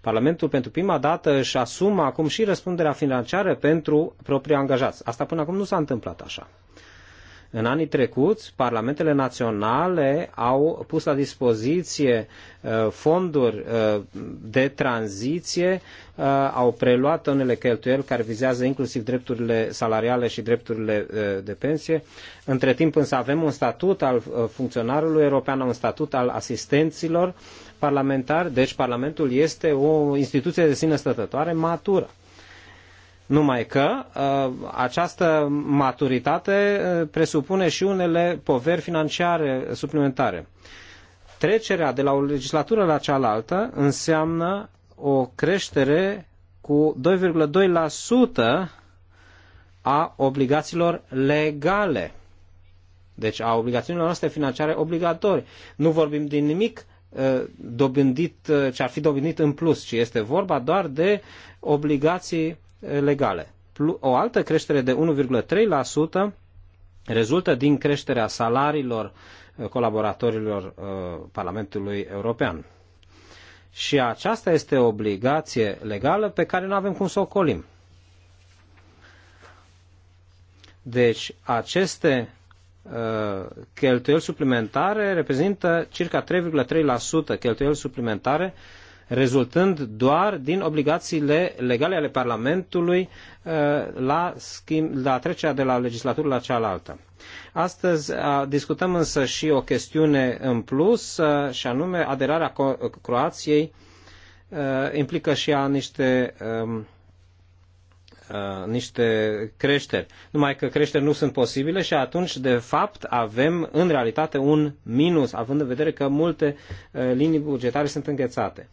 Parlamentul pentru prima dată își asumă acum și răspunderea financiară pentru proprii angajați. Asta până acum nu s-a întâmplat așa. În anii trecuți, parlamentele naționale au pus la dispoziție uh, fonduri uh, de tranziție, uh, au preluat unele cheltuieli care vizează inclusiv drepturile salariale și drepturile de pensie. Între timp însă avem un statut al funcționarului european, un statut al asistenților parlamentari, deci Parlamentul este o instituție de sine stătătoare matură. Numai că uh, această maturitate uh, presupune și unele poveri financiare uh, suplimentare. Trecerea de la o legislatură la cealaltă înseamnă o creștere cu 2,2% a obligațiilor legale. Deci a obligațiunilor noastre financiare obligatorii. Nu vorbim din nimic dobândit, ce ar fi dobândit în plus, ci este vorba doar de obligații legale. O altă creștere de 1,3% rezultă din creșterea salariilor uh, colaboratorilor uh, Parlamentului European. Și aceasta este o obligație legală pe care nu avem cum să o colim. Deci aceste uh, cheltuieli suplimentare reprezintă circa 3,3% cheltuieli suplimentare uh, rezultând doar din obligațiile legale ale Parlamentului uh, la, schimb, la trecerea de la legislatură la cealaltă. Astăzi discutăm însă și o chestiune în plus, uh, și anume aderarea Croației uh, implică și ea niște um, Uh, niște creșteri. Numai că creșteri nu sunt posibile și atunci, de fapt, avem în realitate un minus, având în vedere că multe uh, linii bugetare sunt înghețate.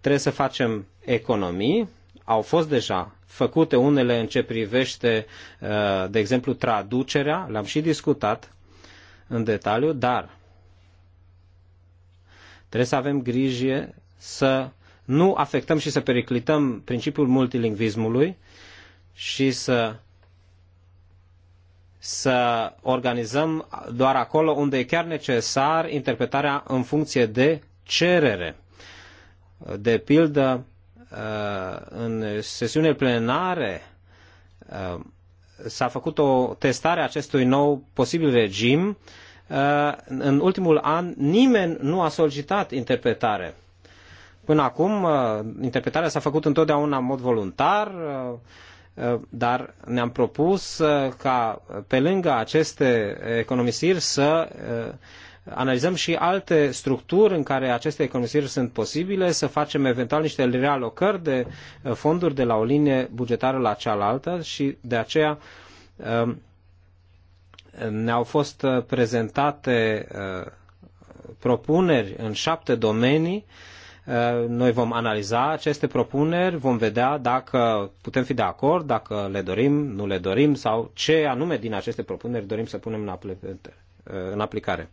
Trebuie să facem economii, au fost deja făcute unele în ce privește, uh, de exemplu, traducerea, l am și discutat în detaliu, dar trebuie să avem grijă să nu afectăm și să periclităm principiul multilingvismului și să să organizăm doar acolo unde e chiar necesar interpretarea în funcție de cerere. De pildă, uh, în sesiune plenare uh, s-a făcut o testare a acestui nou posibil regim. Uh, în ultimul an nimeni nu a solicitat interpretare. Până acum, interpretarea s-a făcut întotdeauna în mod voluntar, dar ne-am propus uh, ca uh, pe lângă aceste economisiri să uh, analizăm și alte structuri în care aceste economisiri sunt posibile, să facem eventual niște realocări de fonduri de la o linie bugetară la cealaltă și de aceea um, ne-au fost prezentate propuneri în șapte domenii uh, noi vom analiza aceste propuneri, vom vedea dacă putem fi de acord, dacă le dorim, nu le dorim sau ce anume din aceste propuneri dorim să punem în aplicare.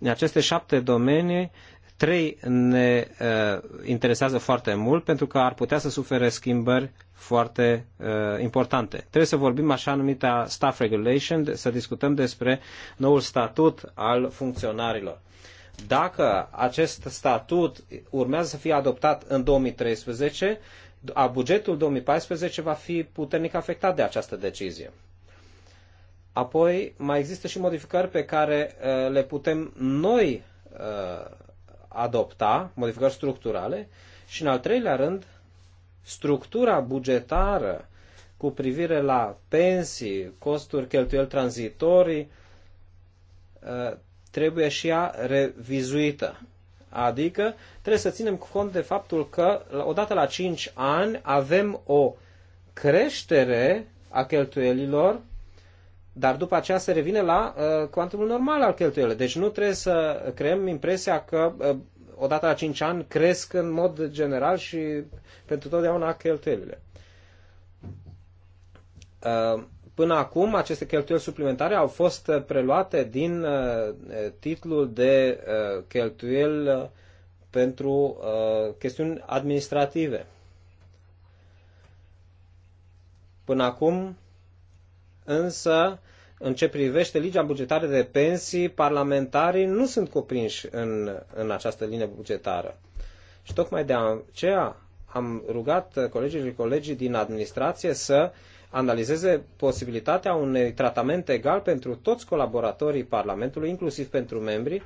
În aceste șapte domenii, trei ne uh, interesează foarte mult pentru că ar putea să sufere schimbări foarte uh, importante. Trebuie să vorbim așa numita staff regulation, să discutăm despre noul statut al funcționarilor. Uh, dacă acest statut urmează să fie adoptat în 2013, a bugetul 2014 va fi puternic afectat de această decizie. Apoi mai există și modificări pe care uh, le putem noi uh, adopta, modificări structurale, și în al treilea rând, structura bugetară cu privire la pensii, costuri, cheltuieli tranzitorii, uh, trebuie și ea revizuită. Adică trebuie să ținem cont de faptul că odată la 5 ani avem o creștere a cheltuielilor, dar după aceea se revine la uh, cuantumul normal al cheltuielilor. Deci nu trebuie să creăm impresia că uh, odată la 5 ani cresc în mod general și pentru totdeauna cheltuielile. Uh, Până acum, aceste cheltuieli suplimentare au fost uh, preluate din uh, uh, titlul de cheltuieli pentru chestiuni administrative. Până acum, însă, în ce privește legea bugetară de pensii, parlamentarii nu sunt cuprinși în, în această linie bugetară. Și tocmai de aceea am rugat colegii și colegii din administrație să uh, analizeze posibilitatea unui tratament egal pentru toți colaboratorii Parlamentului, inclusiv pentru membri,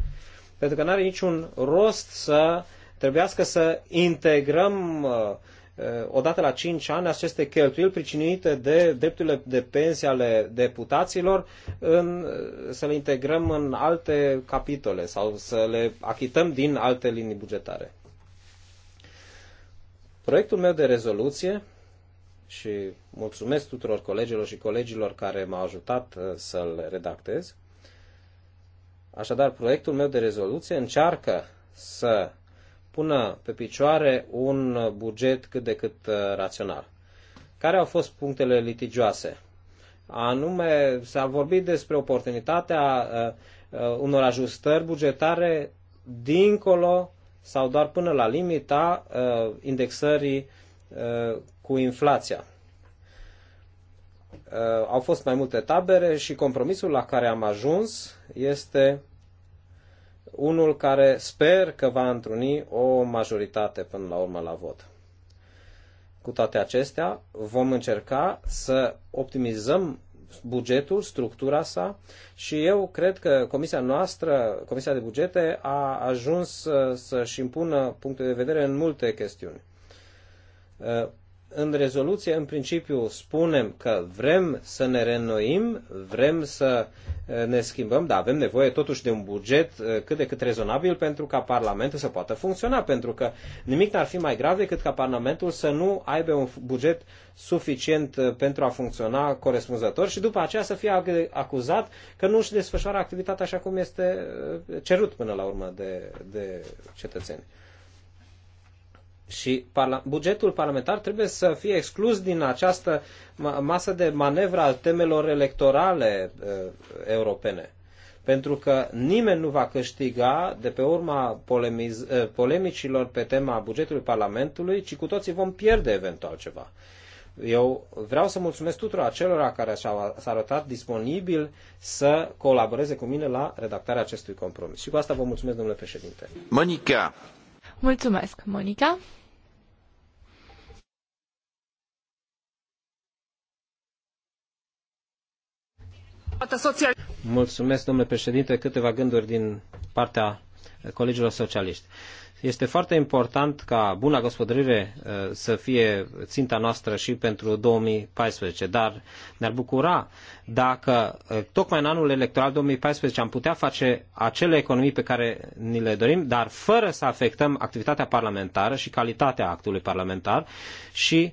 pentru că nu are niciun rost să trebuiască să integrăm uh, uh, odată la 5 ani aceste cheltuieli pricinuite de drepturile de pensie ale deputaților în, uh, să le integrăm în alte capitole sau să le achităm din alte linii bugetare. Proiectul meu de rezoluție și mulțumesc tuturor colegilor și colegilor care m-au ajutat uh, să-l redactez. Așadar, proiectul meu de rezoluție încearcă să pună pe picioare un buget cât de cât uh, rațional. Care au fost punctele litigioase? Anume, s-a vorbit despre oportunitatea uh, unor ajustări bugetare dincolo sau doar până la limita indexării cu inflația. Uh, au fost mai multe tabere și compromisul la care am ajuns este unul care sper că va întruni o majoritate până la urmă la vot. Cu toate acestea, vom încerca să optimizăm bugetul, structura sa și eu cred că comisia noastră, Comisia de Bugete, a ajuns uh, să-și impună punctul de vedere în multe chestiuni. Uh, în rezoluție, în principiu, spunem că vrem să ne reînnoim, vrem să eh, ne schimbăm, dar avem nevoie totuși de un buget eh, cât de cât rezonabil pentru ca Parlamentul să poată funcționa, pentru că nimic n-ar fi mai grav decât ca Parlamentul să nu aibă un buget suficient eh, pentru a funcționa corespunzător și după aceea să fie acuzat că nu își desfășoară activitatea așa cum este cerut până la urmă de, de cetățeni. Și bugetul parlamentar trebuie să fie exclus din această masă de manevră al temelor electorale uh, europene. Pentru că nimeni nu va câștiga de pe urma polemiz- uh, polemicilor pe tema bugetului Parlamentului, ci cu toții vom pierde eventual ceva. Eu vreau să mulțumesc tuturor acelora care s-au arătat disponibil să colaboreze cu mine la redactarea acestui compromis. Și cu asta vă mulțumesc, domnule președinte. Monica. Mulțumesc, Monica. Mulțumesc, domnule președinte, câteva gânduri din partea colegilor socialiști. Este foarte important ca buna gospodărire uh, să fie ținta noastră și pentru 2014, dar ne-ar bucura dacă uh, tocmai în anul electoral 2014 am putea face acele economii pe care ni le dorim, dar fără să afectăm activitatea parlamentară și calitatea actului parlamentar și uh,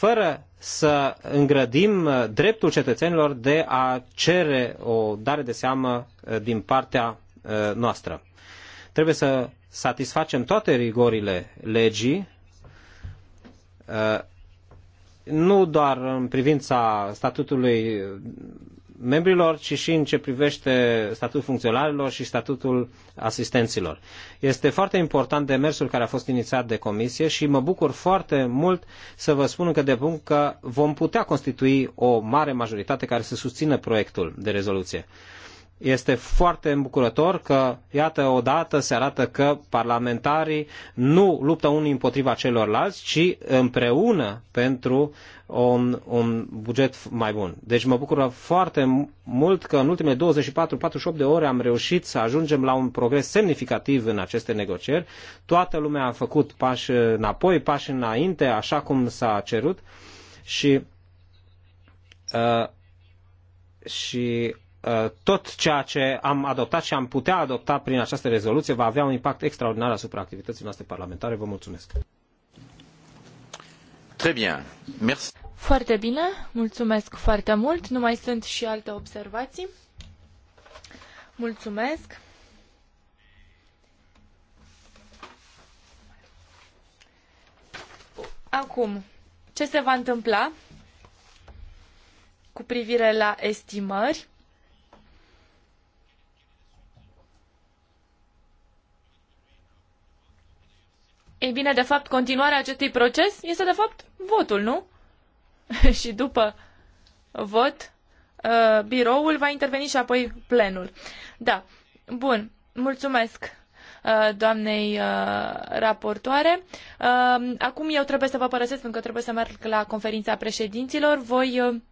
fără să îngrădim uh, dreptul cetățenilor de a cere o dare de seamă uh, din partea uh, noastră. Trebuie să satisfacem toate rigorile legii, nu doar în privința statutului membrilor, ci și în ce privește statutul funcționarilor și statutul asistenților. Este foarte important demersul care a fost inițiat de comisie și mă bucur foarte mult să vă spun că de bun că vom putea constitui o mare majoritate care să susțină proiectul de rezoluție. Este foarte îmbucurător că, iată, odată se arată că parlamentarii nu luptă unii împotriva celorlalți, ci împreună pentru un, un buget mai bun. Deci mă bucură foarte mult că în ultimele 24-48 de ore am reușit să ajungem la un progres semnificativ în aceste negocieri. Toată lumea a făcut pași înapoi, pași înainte, așa cum s-a cerut și, uh, și Uh, tot ceea ce am adoptat și am putea adopta prin această rezoluție va avea un impact extraordinar asupra activității noastre parlamentare. Vă mulțumesc. Très bien. Merci. Foarte bine, mulțumesc foarte mult. Nu mai sunt și alte observații. Mulțumesc. Acum, ce se va întâmpla cu privire la estimări? Ei bine, de fapt, continuarea acestui proces este, de fapt, votul, nu? [laughs] și după vot, uh, biroul va interveni și apoi plenul. Da. Bun. Mulțumesc uh, doamnei uh, raportoare. Acum eu trebuie să vă părăsesc pentru că trebuie să merg la conferința președinților. Voi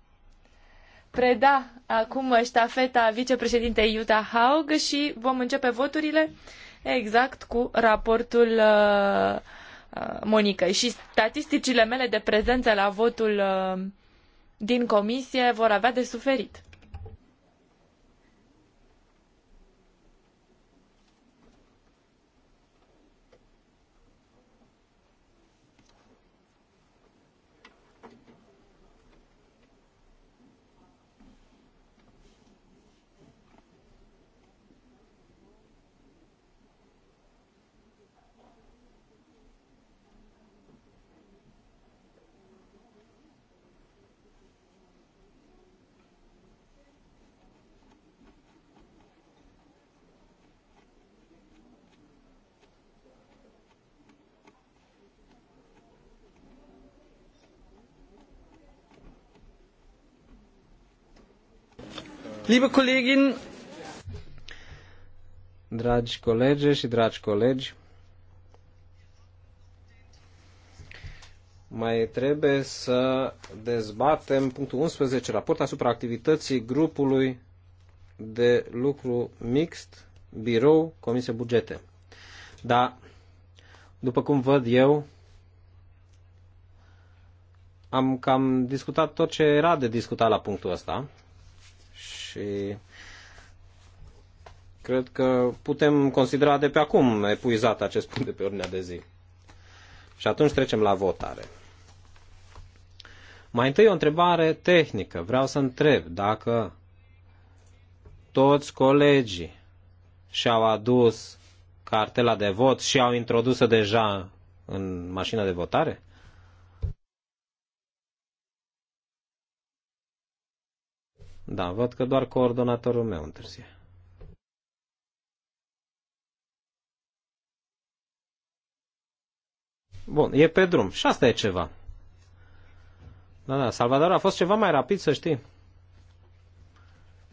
preda acum ștafeta vicepreședintei Iuta Haug și vom începe voturile exact cu raportul uh, uh, Monicăi. Și statisticile mele de prezență la votul uh, din comisie vor avea de suferit. Liebe Kollegin, dragi colegi și dragi colegi, mai trebuie să dezbatem punctul 11, raport asupra activității grupului de lucru mixt, birou, comisie bugete. Dar, după cum văd eu, am cam discutat tot ce era de discutat la punctul ăsta și cred că putem considera de pe acum epuizat acest punct de pe ordinea de zi. Și atunci trecem la votare. Mai întâi o întrebare tehnică. Vreau să întreb dacă toți colegii și-au adus cartela de vot și au introdus-o deja în mașina de votare? Da, văd că doar coordonatorul meu întârzie. Bun, e pe drum. Și asta e ceva. Da, da, Salvador a fost ceva mai rapid, să știi.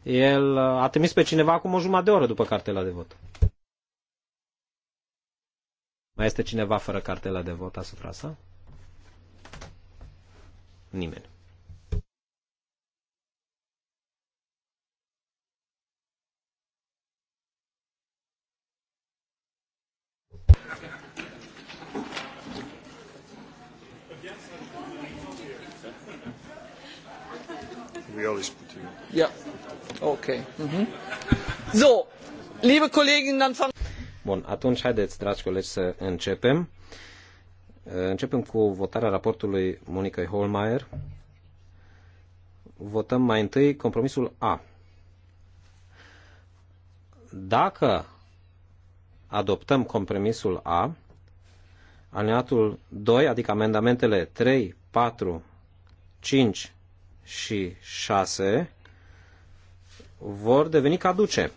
El uh, a trimis pe cineva acum o jumătate de oră după cartela de vot. Mai este cineva fără cartela de vot asupra sa? Nimeni. we Okay. Mm So, liebe Kollegen, dann fang... Bun, atunci haideți, dragi colegi, să începem. Eh, începem cu votarea raportului Monica Holmeier. Votăm mai întâi compromisul A. Dacă adoptăm compromisul A, aliniatul 2, adică amendamentele 3, 4, 5, și 6 vor deveni caduce.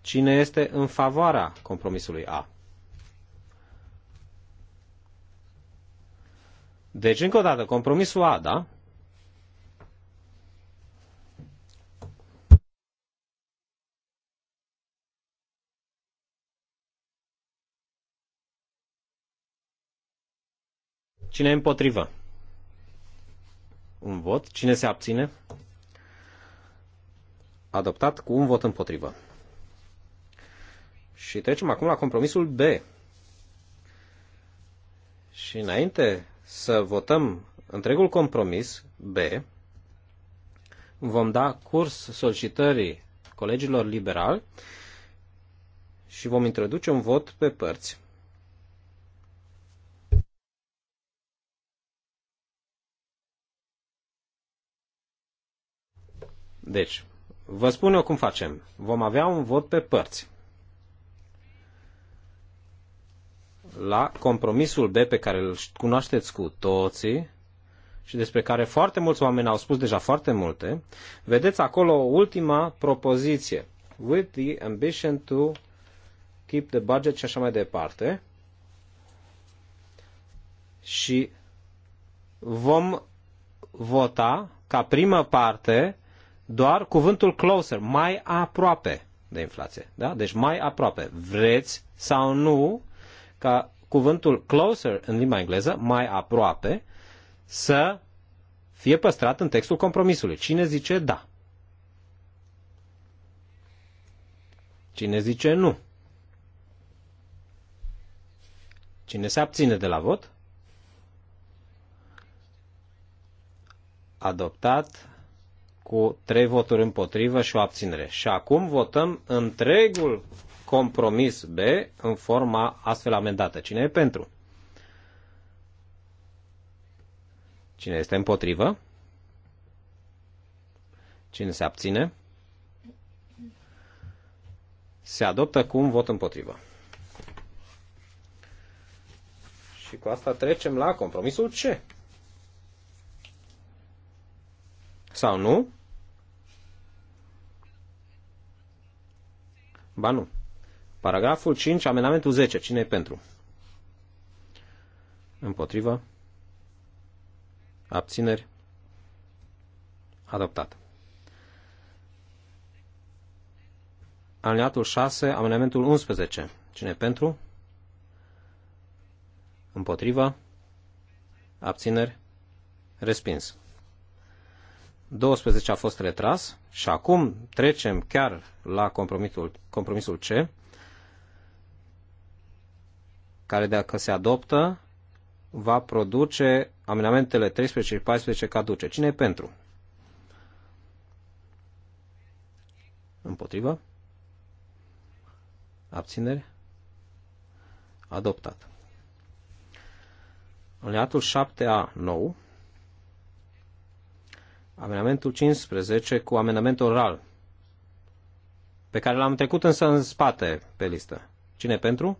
Cine este în favoarea compromisului A? Deci, încă o dată, compromisul A, da? Cine e împotrivă? un vot. Cine se abține? Adoptat cu un vot împotrivă. Și trecem acum la compromisul B. Și înainte să votăm întregul compromis B, vom da curs solicitării colegilor liberali și vom introduce un vot pe părți. Deci, vă spun eu cum facem. Vom avea un vot pe părți. La compromisul B pe care îl cunoașteți cu toții și despre care foarte mulți oameni au spus deja foarte multe, vedeți acolo ultima propoziție. With the ambition to keep the budget și așa mai departe. Și vom vota ca primă parte doar cuvântul closer, mai aproape de inflație. Da? Deci mai aproape. Vreți sau nu ca cuvântul closer în limba engleză, mai aproape, să fie păstrat în textul compromisului. Cine zice da? Cine zice nu? Cine se abține de la vot? Adoptat cu trei voturi împotrivă și o abținere. Și acum votăm întregul compromis B în forma astfel amendată. Cine e pentru? Cine este împotrivă? Cine se abține? Se adoptă cu un vot împotrivă. Și cu asta trecem la compromisul C. Sau nu? Ba nu. Paragraful 5, amendamentul 10. Cine e pentru? Împotrivă. Abțineri. Adoptat. Aliniatul 6, amendamentul 11. Cine e pentru? Împotrivă. Abțineri. Respins. 12 a fost retras și acum trecem chiar la compromisul, compromisul C, care dacă se adoptă va produce amendamentele 13 și 14 caduce. Cine e pentru? Împotrivă? Abțineri? Adoptat. Alineatul 7A nou Amendamentul 15 cu amendament oral, pe care l-am trecut însă în spate pe listă. Cine pentru?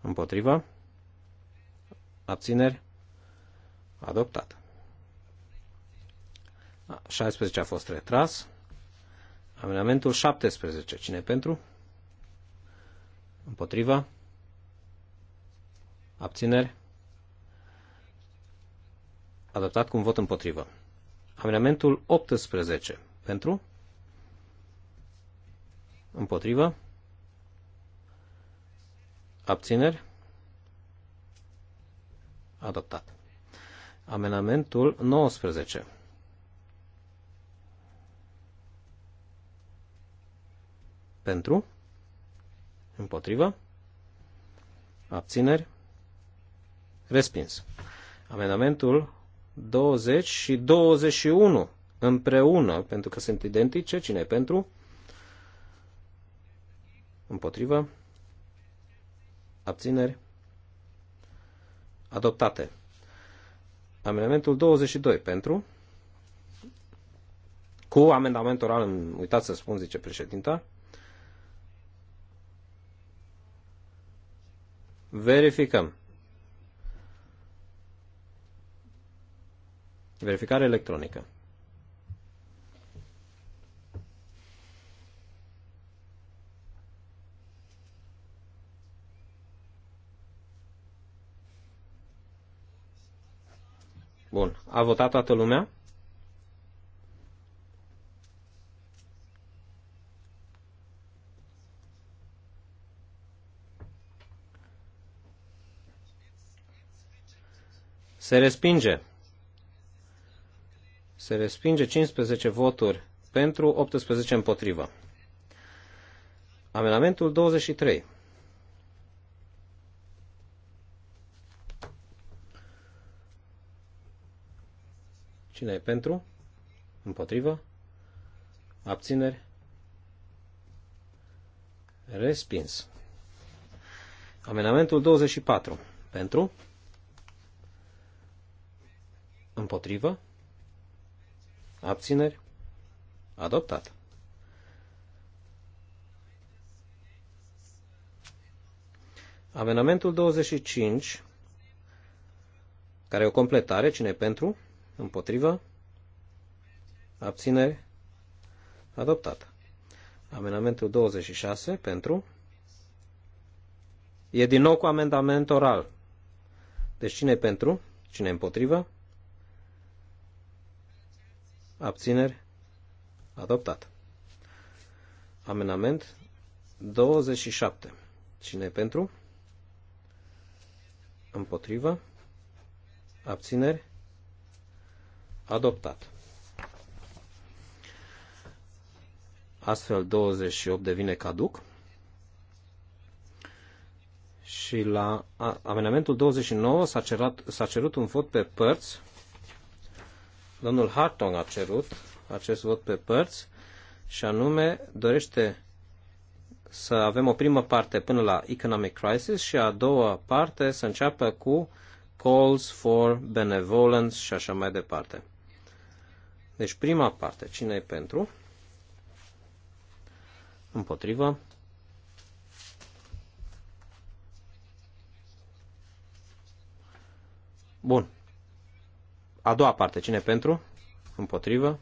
Împotrivă? Abțineri? Adoptat. 16 a fost retras. Amendamentul 17. Cine pentru? Împotrivă? Abțineri? Adoptat cu un vot împotrivă. Amendamentul 18. Pentru? Împotrivă? Abțineri? Adoptat. Amendamentul 19. Pentru? Împotrivă? Abțineri? Respins. Amendamentul 20 și 21 împreună, pentru că sunt identice, cine pentru, împotrivă, abțineri, adoptate. Amendamentul 22 pentru, cu amendament oral, uitați să spun, zice președinta, verificăm. Verificare electronică. Bun. A votat toată lumea? Se respinge. Se respinge 15 voturi pentru, 18 împotrivă. Amendamentul 23. Cine e pentru? Împotrivă? Abțineri? Respins. Amendamentul 24. Pentru? Împotrivă? Abțineri? Adoptat. Amenamentul 25, care e o completare, cine pentru? Împotrivă? Abțineri? Adoptat. Amenamentul 26, pentru? E din nou cu amendament oral. Deci cine pentru? Cine împotrivă? abțineri, adoptat. Amenament 27. Cine e pentru? Împotrivă, abțineri, adoptat. Astfel 28 devine caduc. Și la amenamentul 29 s-a cerut, cerut un vot pe părți Domnul Hartong a cerut acest vot pe părți și anume dorește să avem o primă parte până la Economic Crisis și a doua parte să înceapă cu Calls for Benevolence și așa mai departe. Deci prima parte, cine e pentru? Împotriva. Bun, a doua parte, cine pentru? Împotrivă?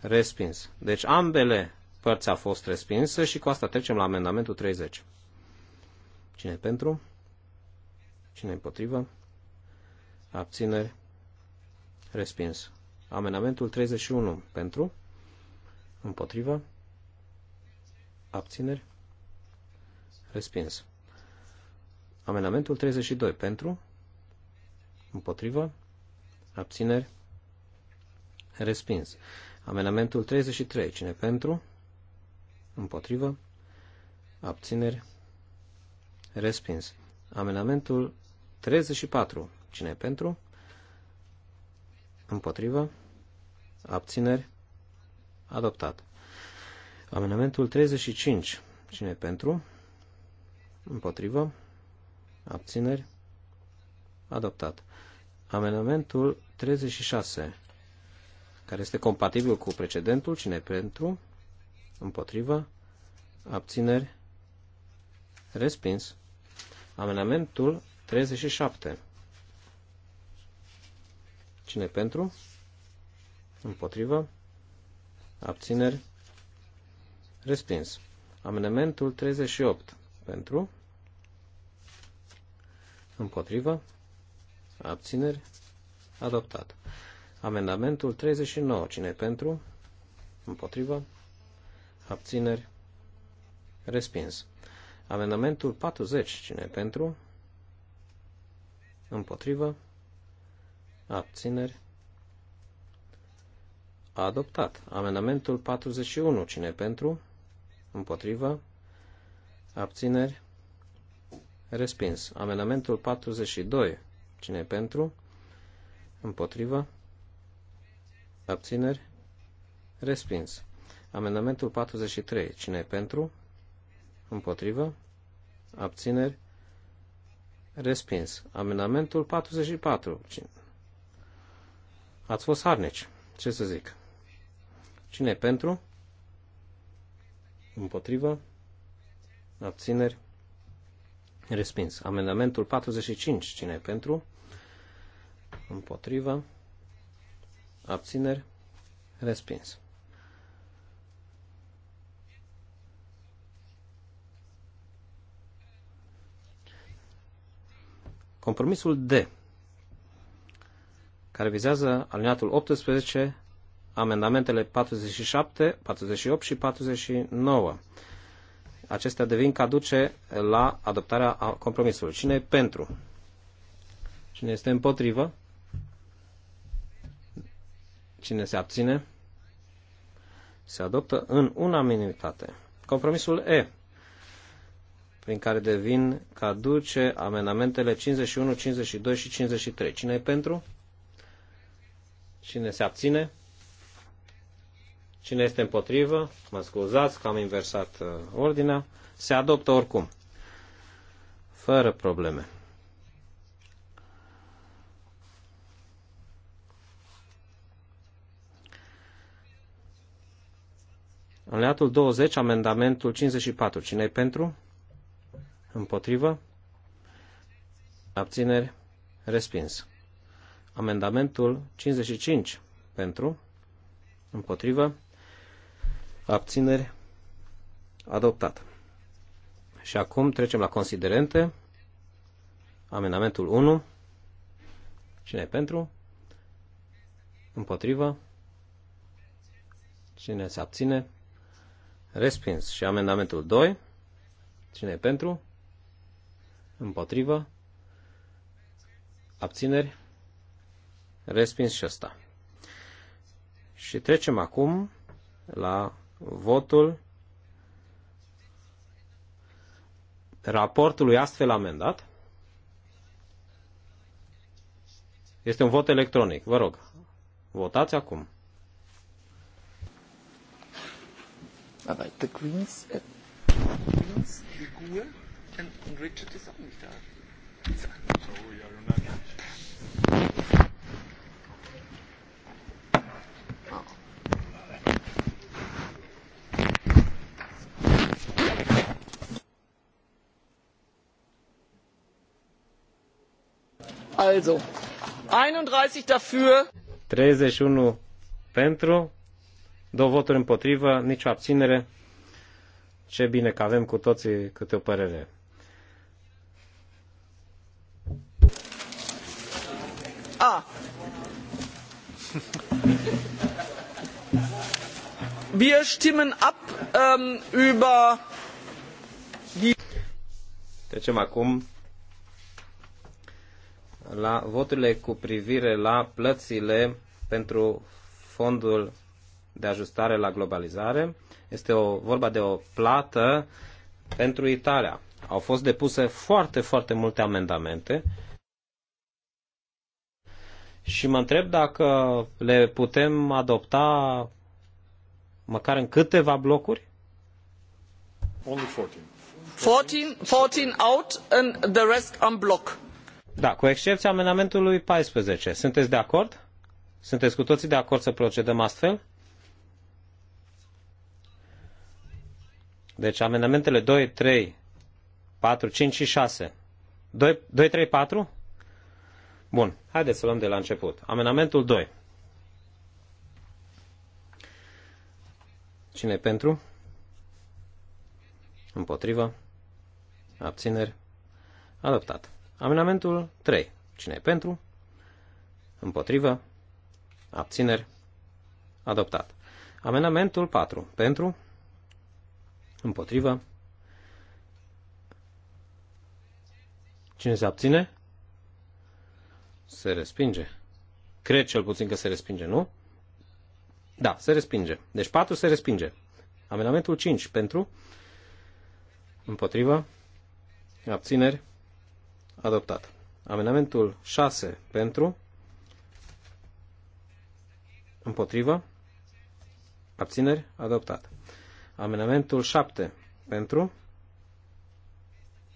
Respins. Deci ambele părți au fost respinse și cu asta trecem la amendamentul 30. Cine pentru? Cine împotrivă? Abțineri? Respins. Amendamentul 31 pentru? Împotrivă? Abțineri? Respins. Amendamentul 32 pentru? Împotrivă? Abțineri? Respins. Amenamentul 33. Cine pentru? Împotrivă? Abțineri? Respins. Amenamentul 34. Cine pentru? Împotrivă? Abțineri? Adoptat. Amenamentul 35. Cine pentru? Împotrivă? Abțineri? adoptat. Amendamentul 36, care este compatibil cu precedentul, cine pentru, împotrivă, abțineri, respins. Amendamentul 37, cine pentru, împotrivă, abțineri, respins. Amendamentul 38, pentru, împotrivă, abțineri, adoptat. Amendamentul 39, cine pentru, împotrivă, abțineri, respins. Amendamentul 40, cine pentru, împotrivă, abțineri, adoptat. Amendamentul 41, cine pentru, împotrivă, abțineri, respins. Amendamentul 42, Cine e pentru? Împotrivă? Abțineri? Respins. Amendamentul 43. Cine e pentru? Împotrivă? Abțineri? Respins. Amendamentul 44. Cine? Ați fost harnici. Ce să zic? Cine e pentru? Împotrivă? Abțineri? Respins. Amendamentul 45. Cine e pentru? Împotrivă. Abțineri. Respins. Compromisul D, care vizează alineatul 18, amendamentele 47, 48 și 49 acestea devin caduce la adoptarea compromisului. Cine e pentru? Cine este împotrivă? Cine se abține? Se adoptă în unanimitate. Compromisul E, prin care devin caduce amendamentele 51, 52 și 53. Cine e pentru? Cine se abține? Cine este împotrivă, mă scuzați că am inversat uh, ordinea, se adoptă oricum. Fără probleme. Aliatul 20, amendamentul 54. cine e pentru? Împotrivă? Abțineri? Respins. Amendamentul 55. Pentru? Împotrivă? abțineri, adoptat. Și acum trecem la considerente. Amendamentul 1. Cine e pentru? Împotrivă? Cine se abține? Respins. Și amendamentul 2. Cine e pentru? Împotrivă? Abțineri? Respins și ăsta. Și trecem acum la votul raportului astfel amendat. Este un vot electronic. Vă rog, votați acum. Aber die und Richard ist auch nicht da. ja. Also, 31 dafür. pentru, două voturi împotrivă, nicio abținere. Ce bine că avem cu toții câte o părere. A. Ah. Wir stimmen ab ähm, über die Trecem acum la voturile cu privire la plățile pentru fondul de ajustare la globalizare. Este o, vorba de o plată pentru Italia. Au fost depuse foarte, foarte multe amendamente și mă întreb dacă le putem adopta măcar în câteva blocuri? Only 14. 14, 14 out and the rest on block. Da, cu excepția amendamentului 14. Sunteți de acord? Sunteți cu toții de acord să procedăm astfel? Deci amendamentele 2, 3, 4, 5 și 6. 2, 2 3, 4? Bun, haideți să luăm de la început. Amendamentul 2. Cine e pentru? Împotrivă? Abțineri? Adoptat. Amendamentul 3. Cine e pentru? Împotrivă? Abțineri? Adoptat. Amendamentul 4. Pentru? Împotrivă? Cine se abține? Se respinge. Cred cel puțin că se respinge, nu? Da, se respinge. Deci 4 se respinge. Amendamentul 5 pentru, împotrivă, abțineri, adoptat. Amendamentul 6 pentru, împotrivă, abțineri, adoptat. Amendamentul 7 pentru,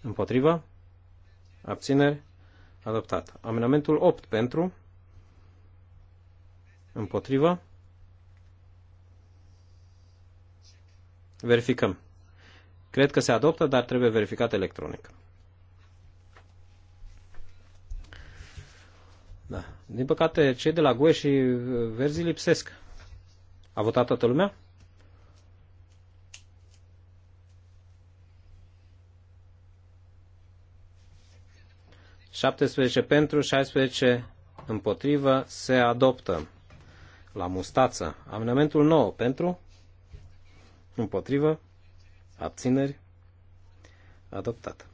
împotrivă, abțineri, adoptat. Amendamentul 8 pentru, împotrivă, verificăm. Cred că se adoptă, dar trebuie verificat electronic. Da. Din păcate, cei de la GUE și uh, Verzi lipsesc. A votat toată lumea? șaptesprezece pentru, 16 împotrivă, se adoptă. La mustață. Amendamentul 9 pentru, împotrivă, abțineri, adoptat.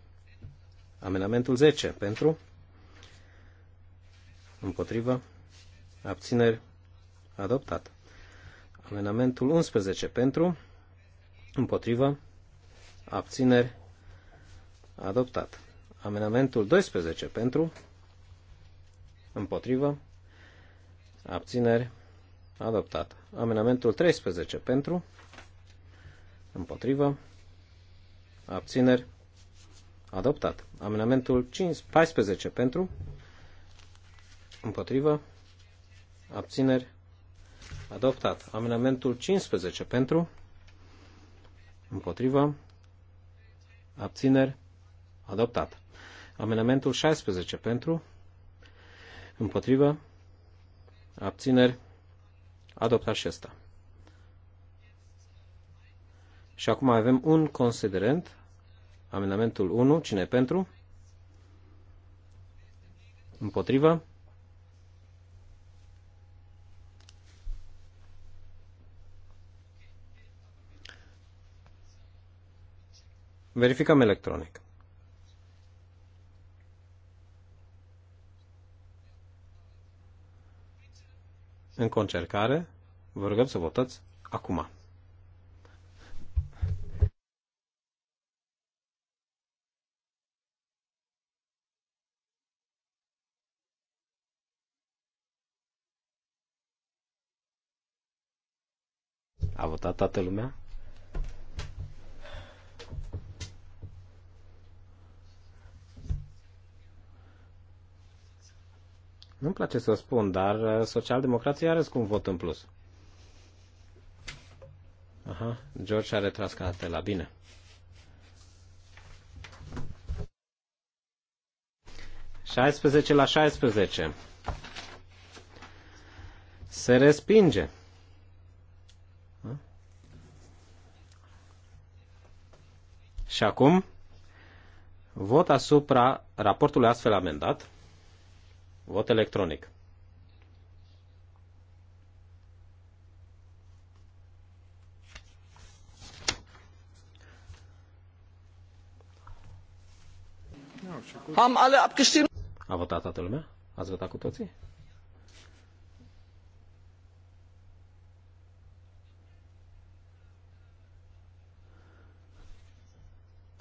Amendamentul 10 pentru, împotrivă, abțineri, adoptat. Amendamentul 11 pentru, împotrivă, abțineri, adoptat. Amendamentul 12 pentru, împotrivă, abțineri, adoptat. Amendamentul 13 pentru, împotrivă, abțineri, adoptat. Amendamentul 14 pentru, Împotrivă. Abțineri. Adoptat. Amendamentul 15 pentru. Împotrivă. Abțineri. Adoptat. Amendamentul 16 pentru. Împotrivă. Abțineri. Adoptat și ăsta. Și acum avem un considerent. Amendamentul 1. Cine pentru? Împotrivă. Verificăm electronic. În concercare, Vă rugăm să votați acum. A votat toată lumea? Nu-mi place să o spun, dar uh, socialdemocrația are cu un vot în plus. Aha, George a retras cartela, bine. Șaisprezece la 16. Se respinge. Și acum, vot asupra raportului astfel amendat. Vot electronic. Am ale abgestimmt. A votat toată lumea? Ați votat cu toții?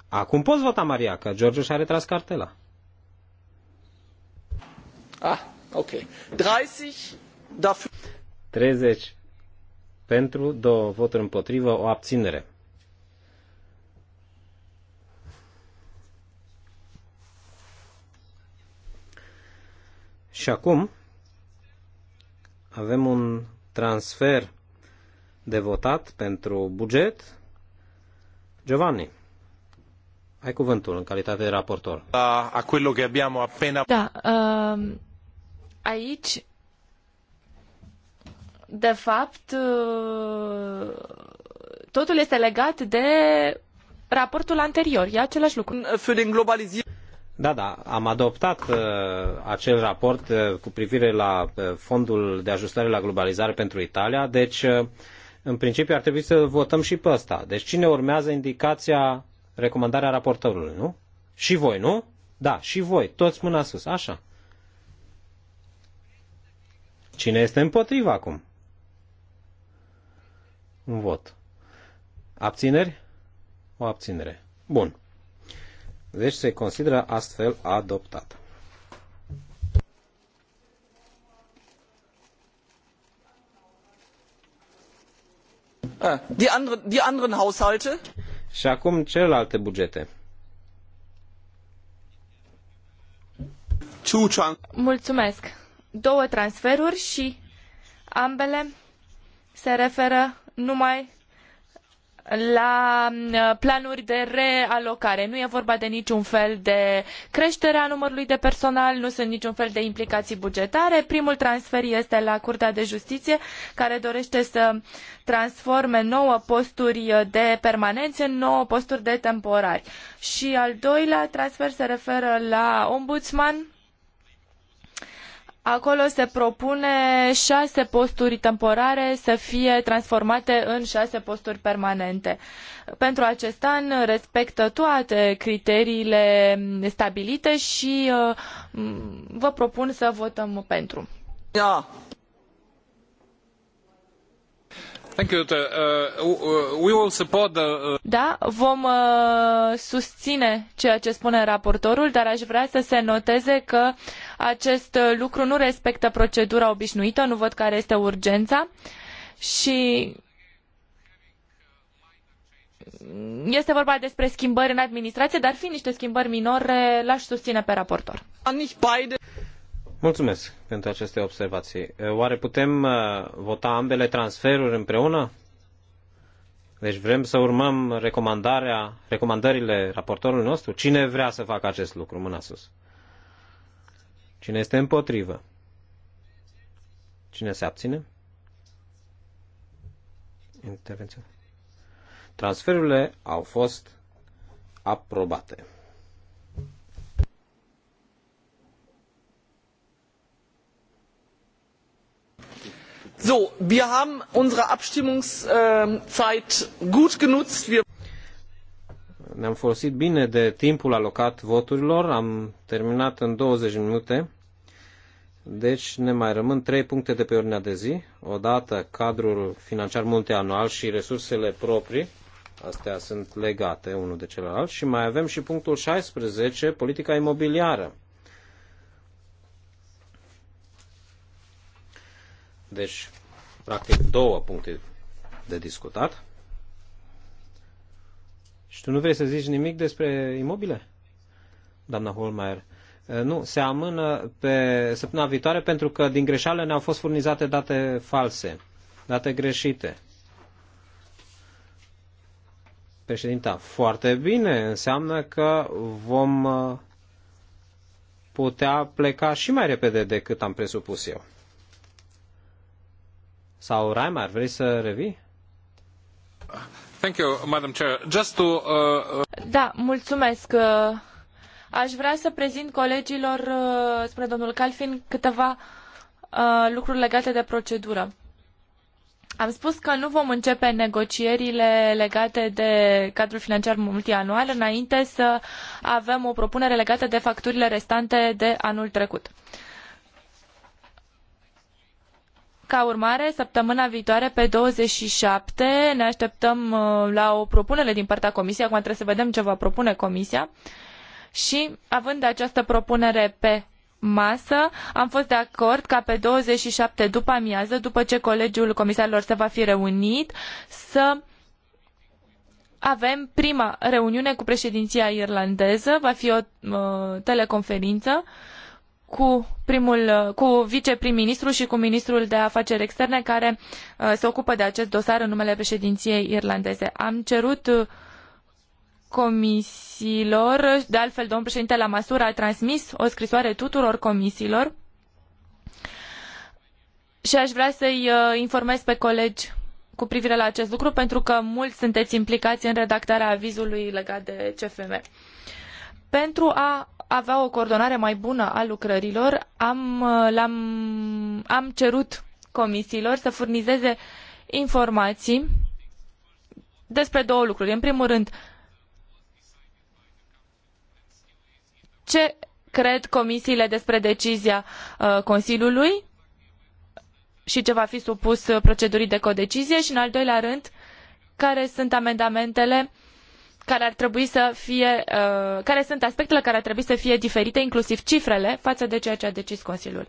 Acum poți vota, Maria, că George și-a retras cartela. Ah, ok. 30 dafür. 30 pentru, două voturi împotrivă, o abținere. Și acum avem un transfer de votat pentru buget. Giovanni, ai cuvântul în calitate de raportor. A, a quello che abbiamo appena... Da, uh aici, de fapt, totul este legat de raportul anterior. E același lucru. Da, da, am adoptat uh, acel raport uh, cu privire la uh, fondul de ajustare la globalizare pentru Italia, deci uh, în principiu ar trebui să votăm și pe ăsta. Deci cine urmează indicația, recomandarea raportorului, nu? Și voi, nu? Da, și voi, toți mâna sus, așa. Cine este împotriva acum? Un vot. Abțineri? O abținere. Bun. Deci se consideră astfel adoptat. Ah, die, andre, die anderen Haushalte? Și acum celelalte bugete. Mulțumesc două transferuri și ambele se referă numai la mm, planuri de realocare. Nu e vorba de niciun fel de creștere a numărului de personal, nu sunt niciun fel de implicații bugetare. Primul transfer este la Curtea de Justiție, care dorește să transforme nouă posturi de permanenți în nouă posturi de temporari. Și al doilea transfer se referă la ombudsman, Acolo se propune șase posturi temporare să fie transformate în șase posturi permanente. Pentru acest an respectă toate criteriile stabilite și uh, vă propun să votăm pentru. Da. Uh, uh, uh, da, vom susține ceea ce spune raportorul, dar aș vrea să se noteze că acest lucru nu respectă procedura obișnuită, nu văd care este urgența și este vorba despre schimbări în administrație, dar fiind niște schimbări minore, l-aș susține pe raportor. Mulțumesc pentru aceste observații. Oare putem uh, vota ambele transferuri împreună? Deci vrem să urmăm recomandarea, recomandările raportorului nostru? Cine vrea să facă acest lucru? Mâna sus. Cine este împotrivă? Cine se abține? Intervenție. Transferurile au fost aprobate. wir haben unsere Abstimmungszeit ähm, gut genutzt. Wir ne-am folosit bine de timpul alocat voturilor, am terminat în 20 minute, deci ne mai rămân trei puncte de pe ordinea de zi. Odată cadrul financiar multianual și resursele proprii, astea sunt legate unul de celălalt, și mai avem și punctul 16, politica imobiliară. Deci, practic, două puncte de discutat. Și tu nu vrei să zici nimic despre imobile? Doamna Holmeier. Eh, nu, se amână pe săptămâna viitoare pentru că din greșeală ne-au fost furnizate date false, date greșite. Președinta, foarte bine, înseamnă că vom eh, putea pleca și mai repede decât am presupus eu. Sau Raimar, vrei să revii? Thank you, Madam Chair. Just to, uh... uh da, mulțumesc. Uh, aș vrea să prezint colegilor, uh, spune domnul Calfin, câteva uh, lucruri legate de procedură. Am spus că nu vom începe negocierile legate de cadrul financiar multianual înainte să avem o propunere legată de facturile restante de anul trecut. Uh, ca urmare, săptămâna viitoare, pe 27, ne așteptăm uh, la o propunere din partea Comisiei. Acum trebuie să vedem ce va propune Comisia. Și, având această propunere pe masă, am fost de acord ca pe 27 după amiază, după ce Colegiul Comisarilor se va fi reunit, să avem prima reuniune cu președinția irlandeză, va fi o uh, teleconferință uh, cu primul, cu viceprim-ministru și cu ministrul de afaceri externe care uh, se ocupă de acest dosar în numele președinției irlandeze. Am cerut uh, comisiilor, de altfel domnul președinte la măsură a transmis o scrisoare tuturor comisiilor și aș vrea să-i uh, informez pe colegi cu privire la acest lucru pentru că mulți sunteți implicați în redactarea avizului legat de CFM. Pentru a avea o coordonare mai bună a lucrărilor, am, uh, am am cerut comisiilor să furnizeze informații despre două lucruri. În primul rând, ce cred comisiile despre decizia uh, Consiliului și ce va fi supus procedurii de codecizie și, în al doilea rând, care sunt amendamentele uh, care ar trebui să fie, uh, care sunt aspectele care ar trebui să fie diferite, inclusiv cifrele, față de ceea ce a decis Consiliul.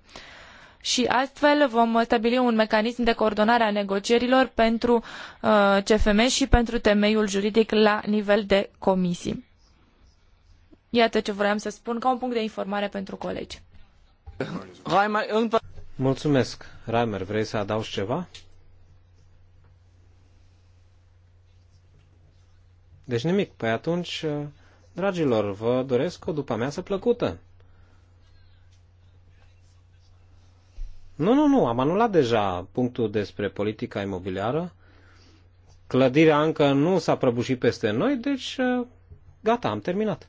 Și astfel vom stabili un mecanism de coordonare a negocierilor pentru uh, CFM și pentru temeiul juridic la nivel de comisii. Iată ce vroiam să spun ca un punct de informare pentru colegi. Mulțumesc. Raimer, vrei să adaugi ceva? Deci nimic. Păi atunci, uh, dragilor, vă doresc o după amiază plăcută. Nu, nu, nu, am anulat deja punctul despre politica imobiliară. Clădirea încă nu s-a prăbușit peste noi, deci uh, gata, am terminat.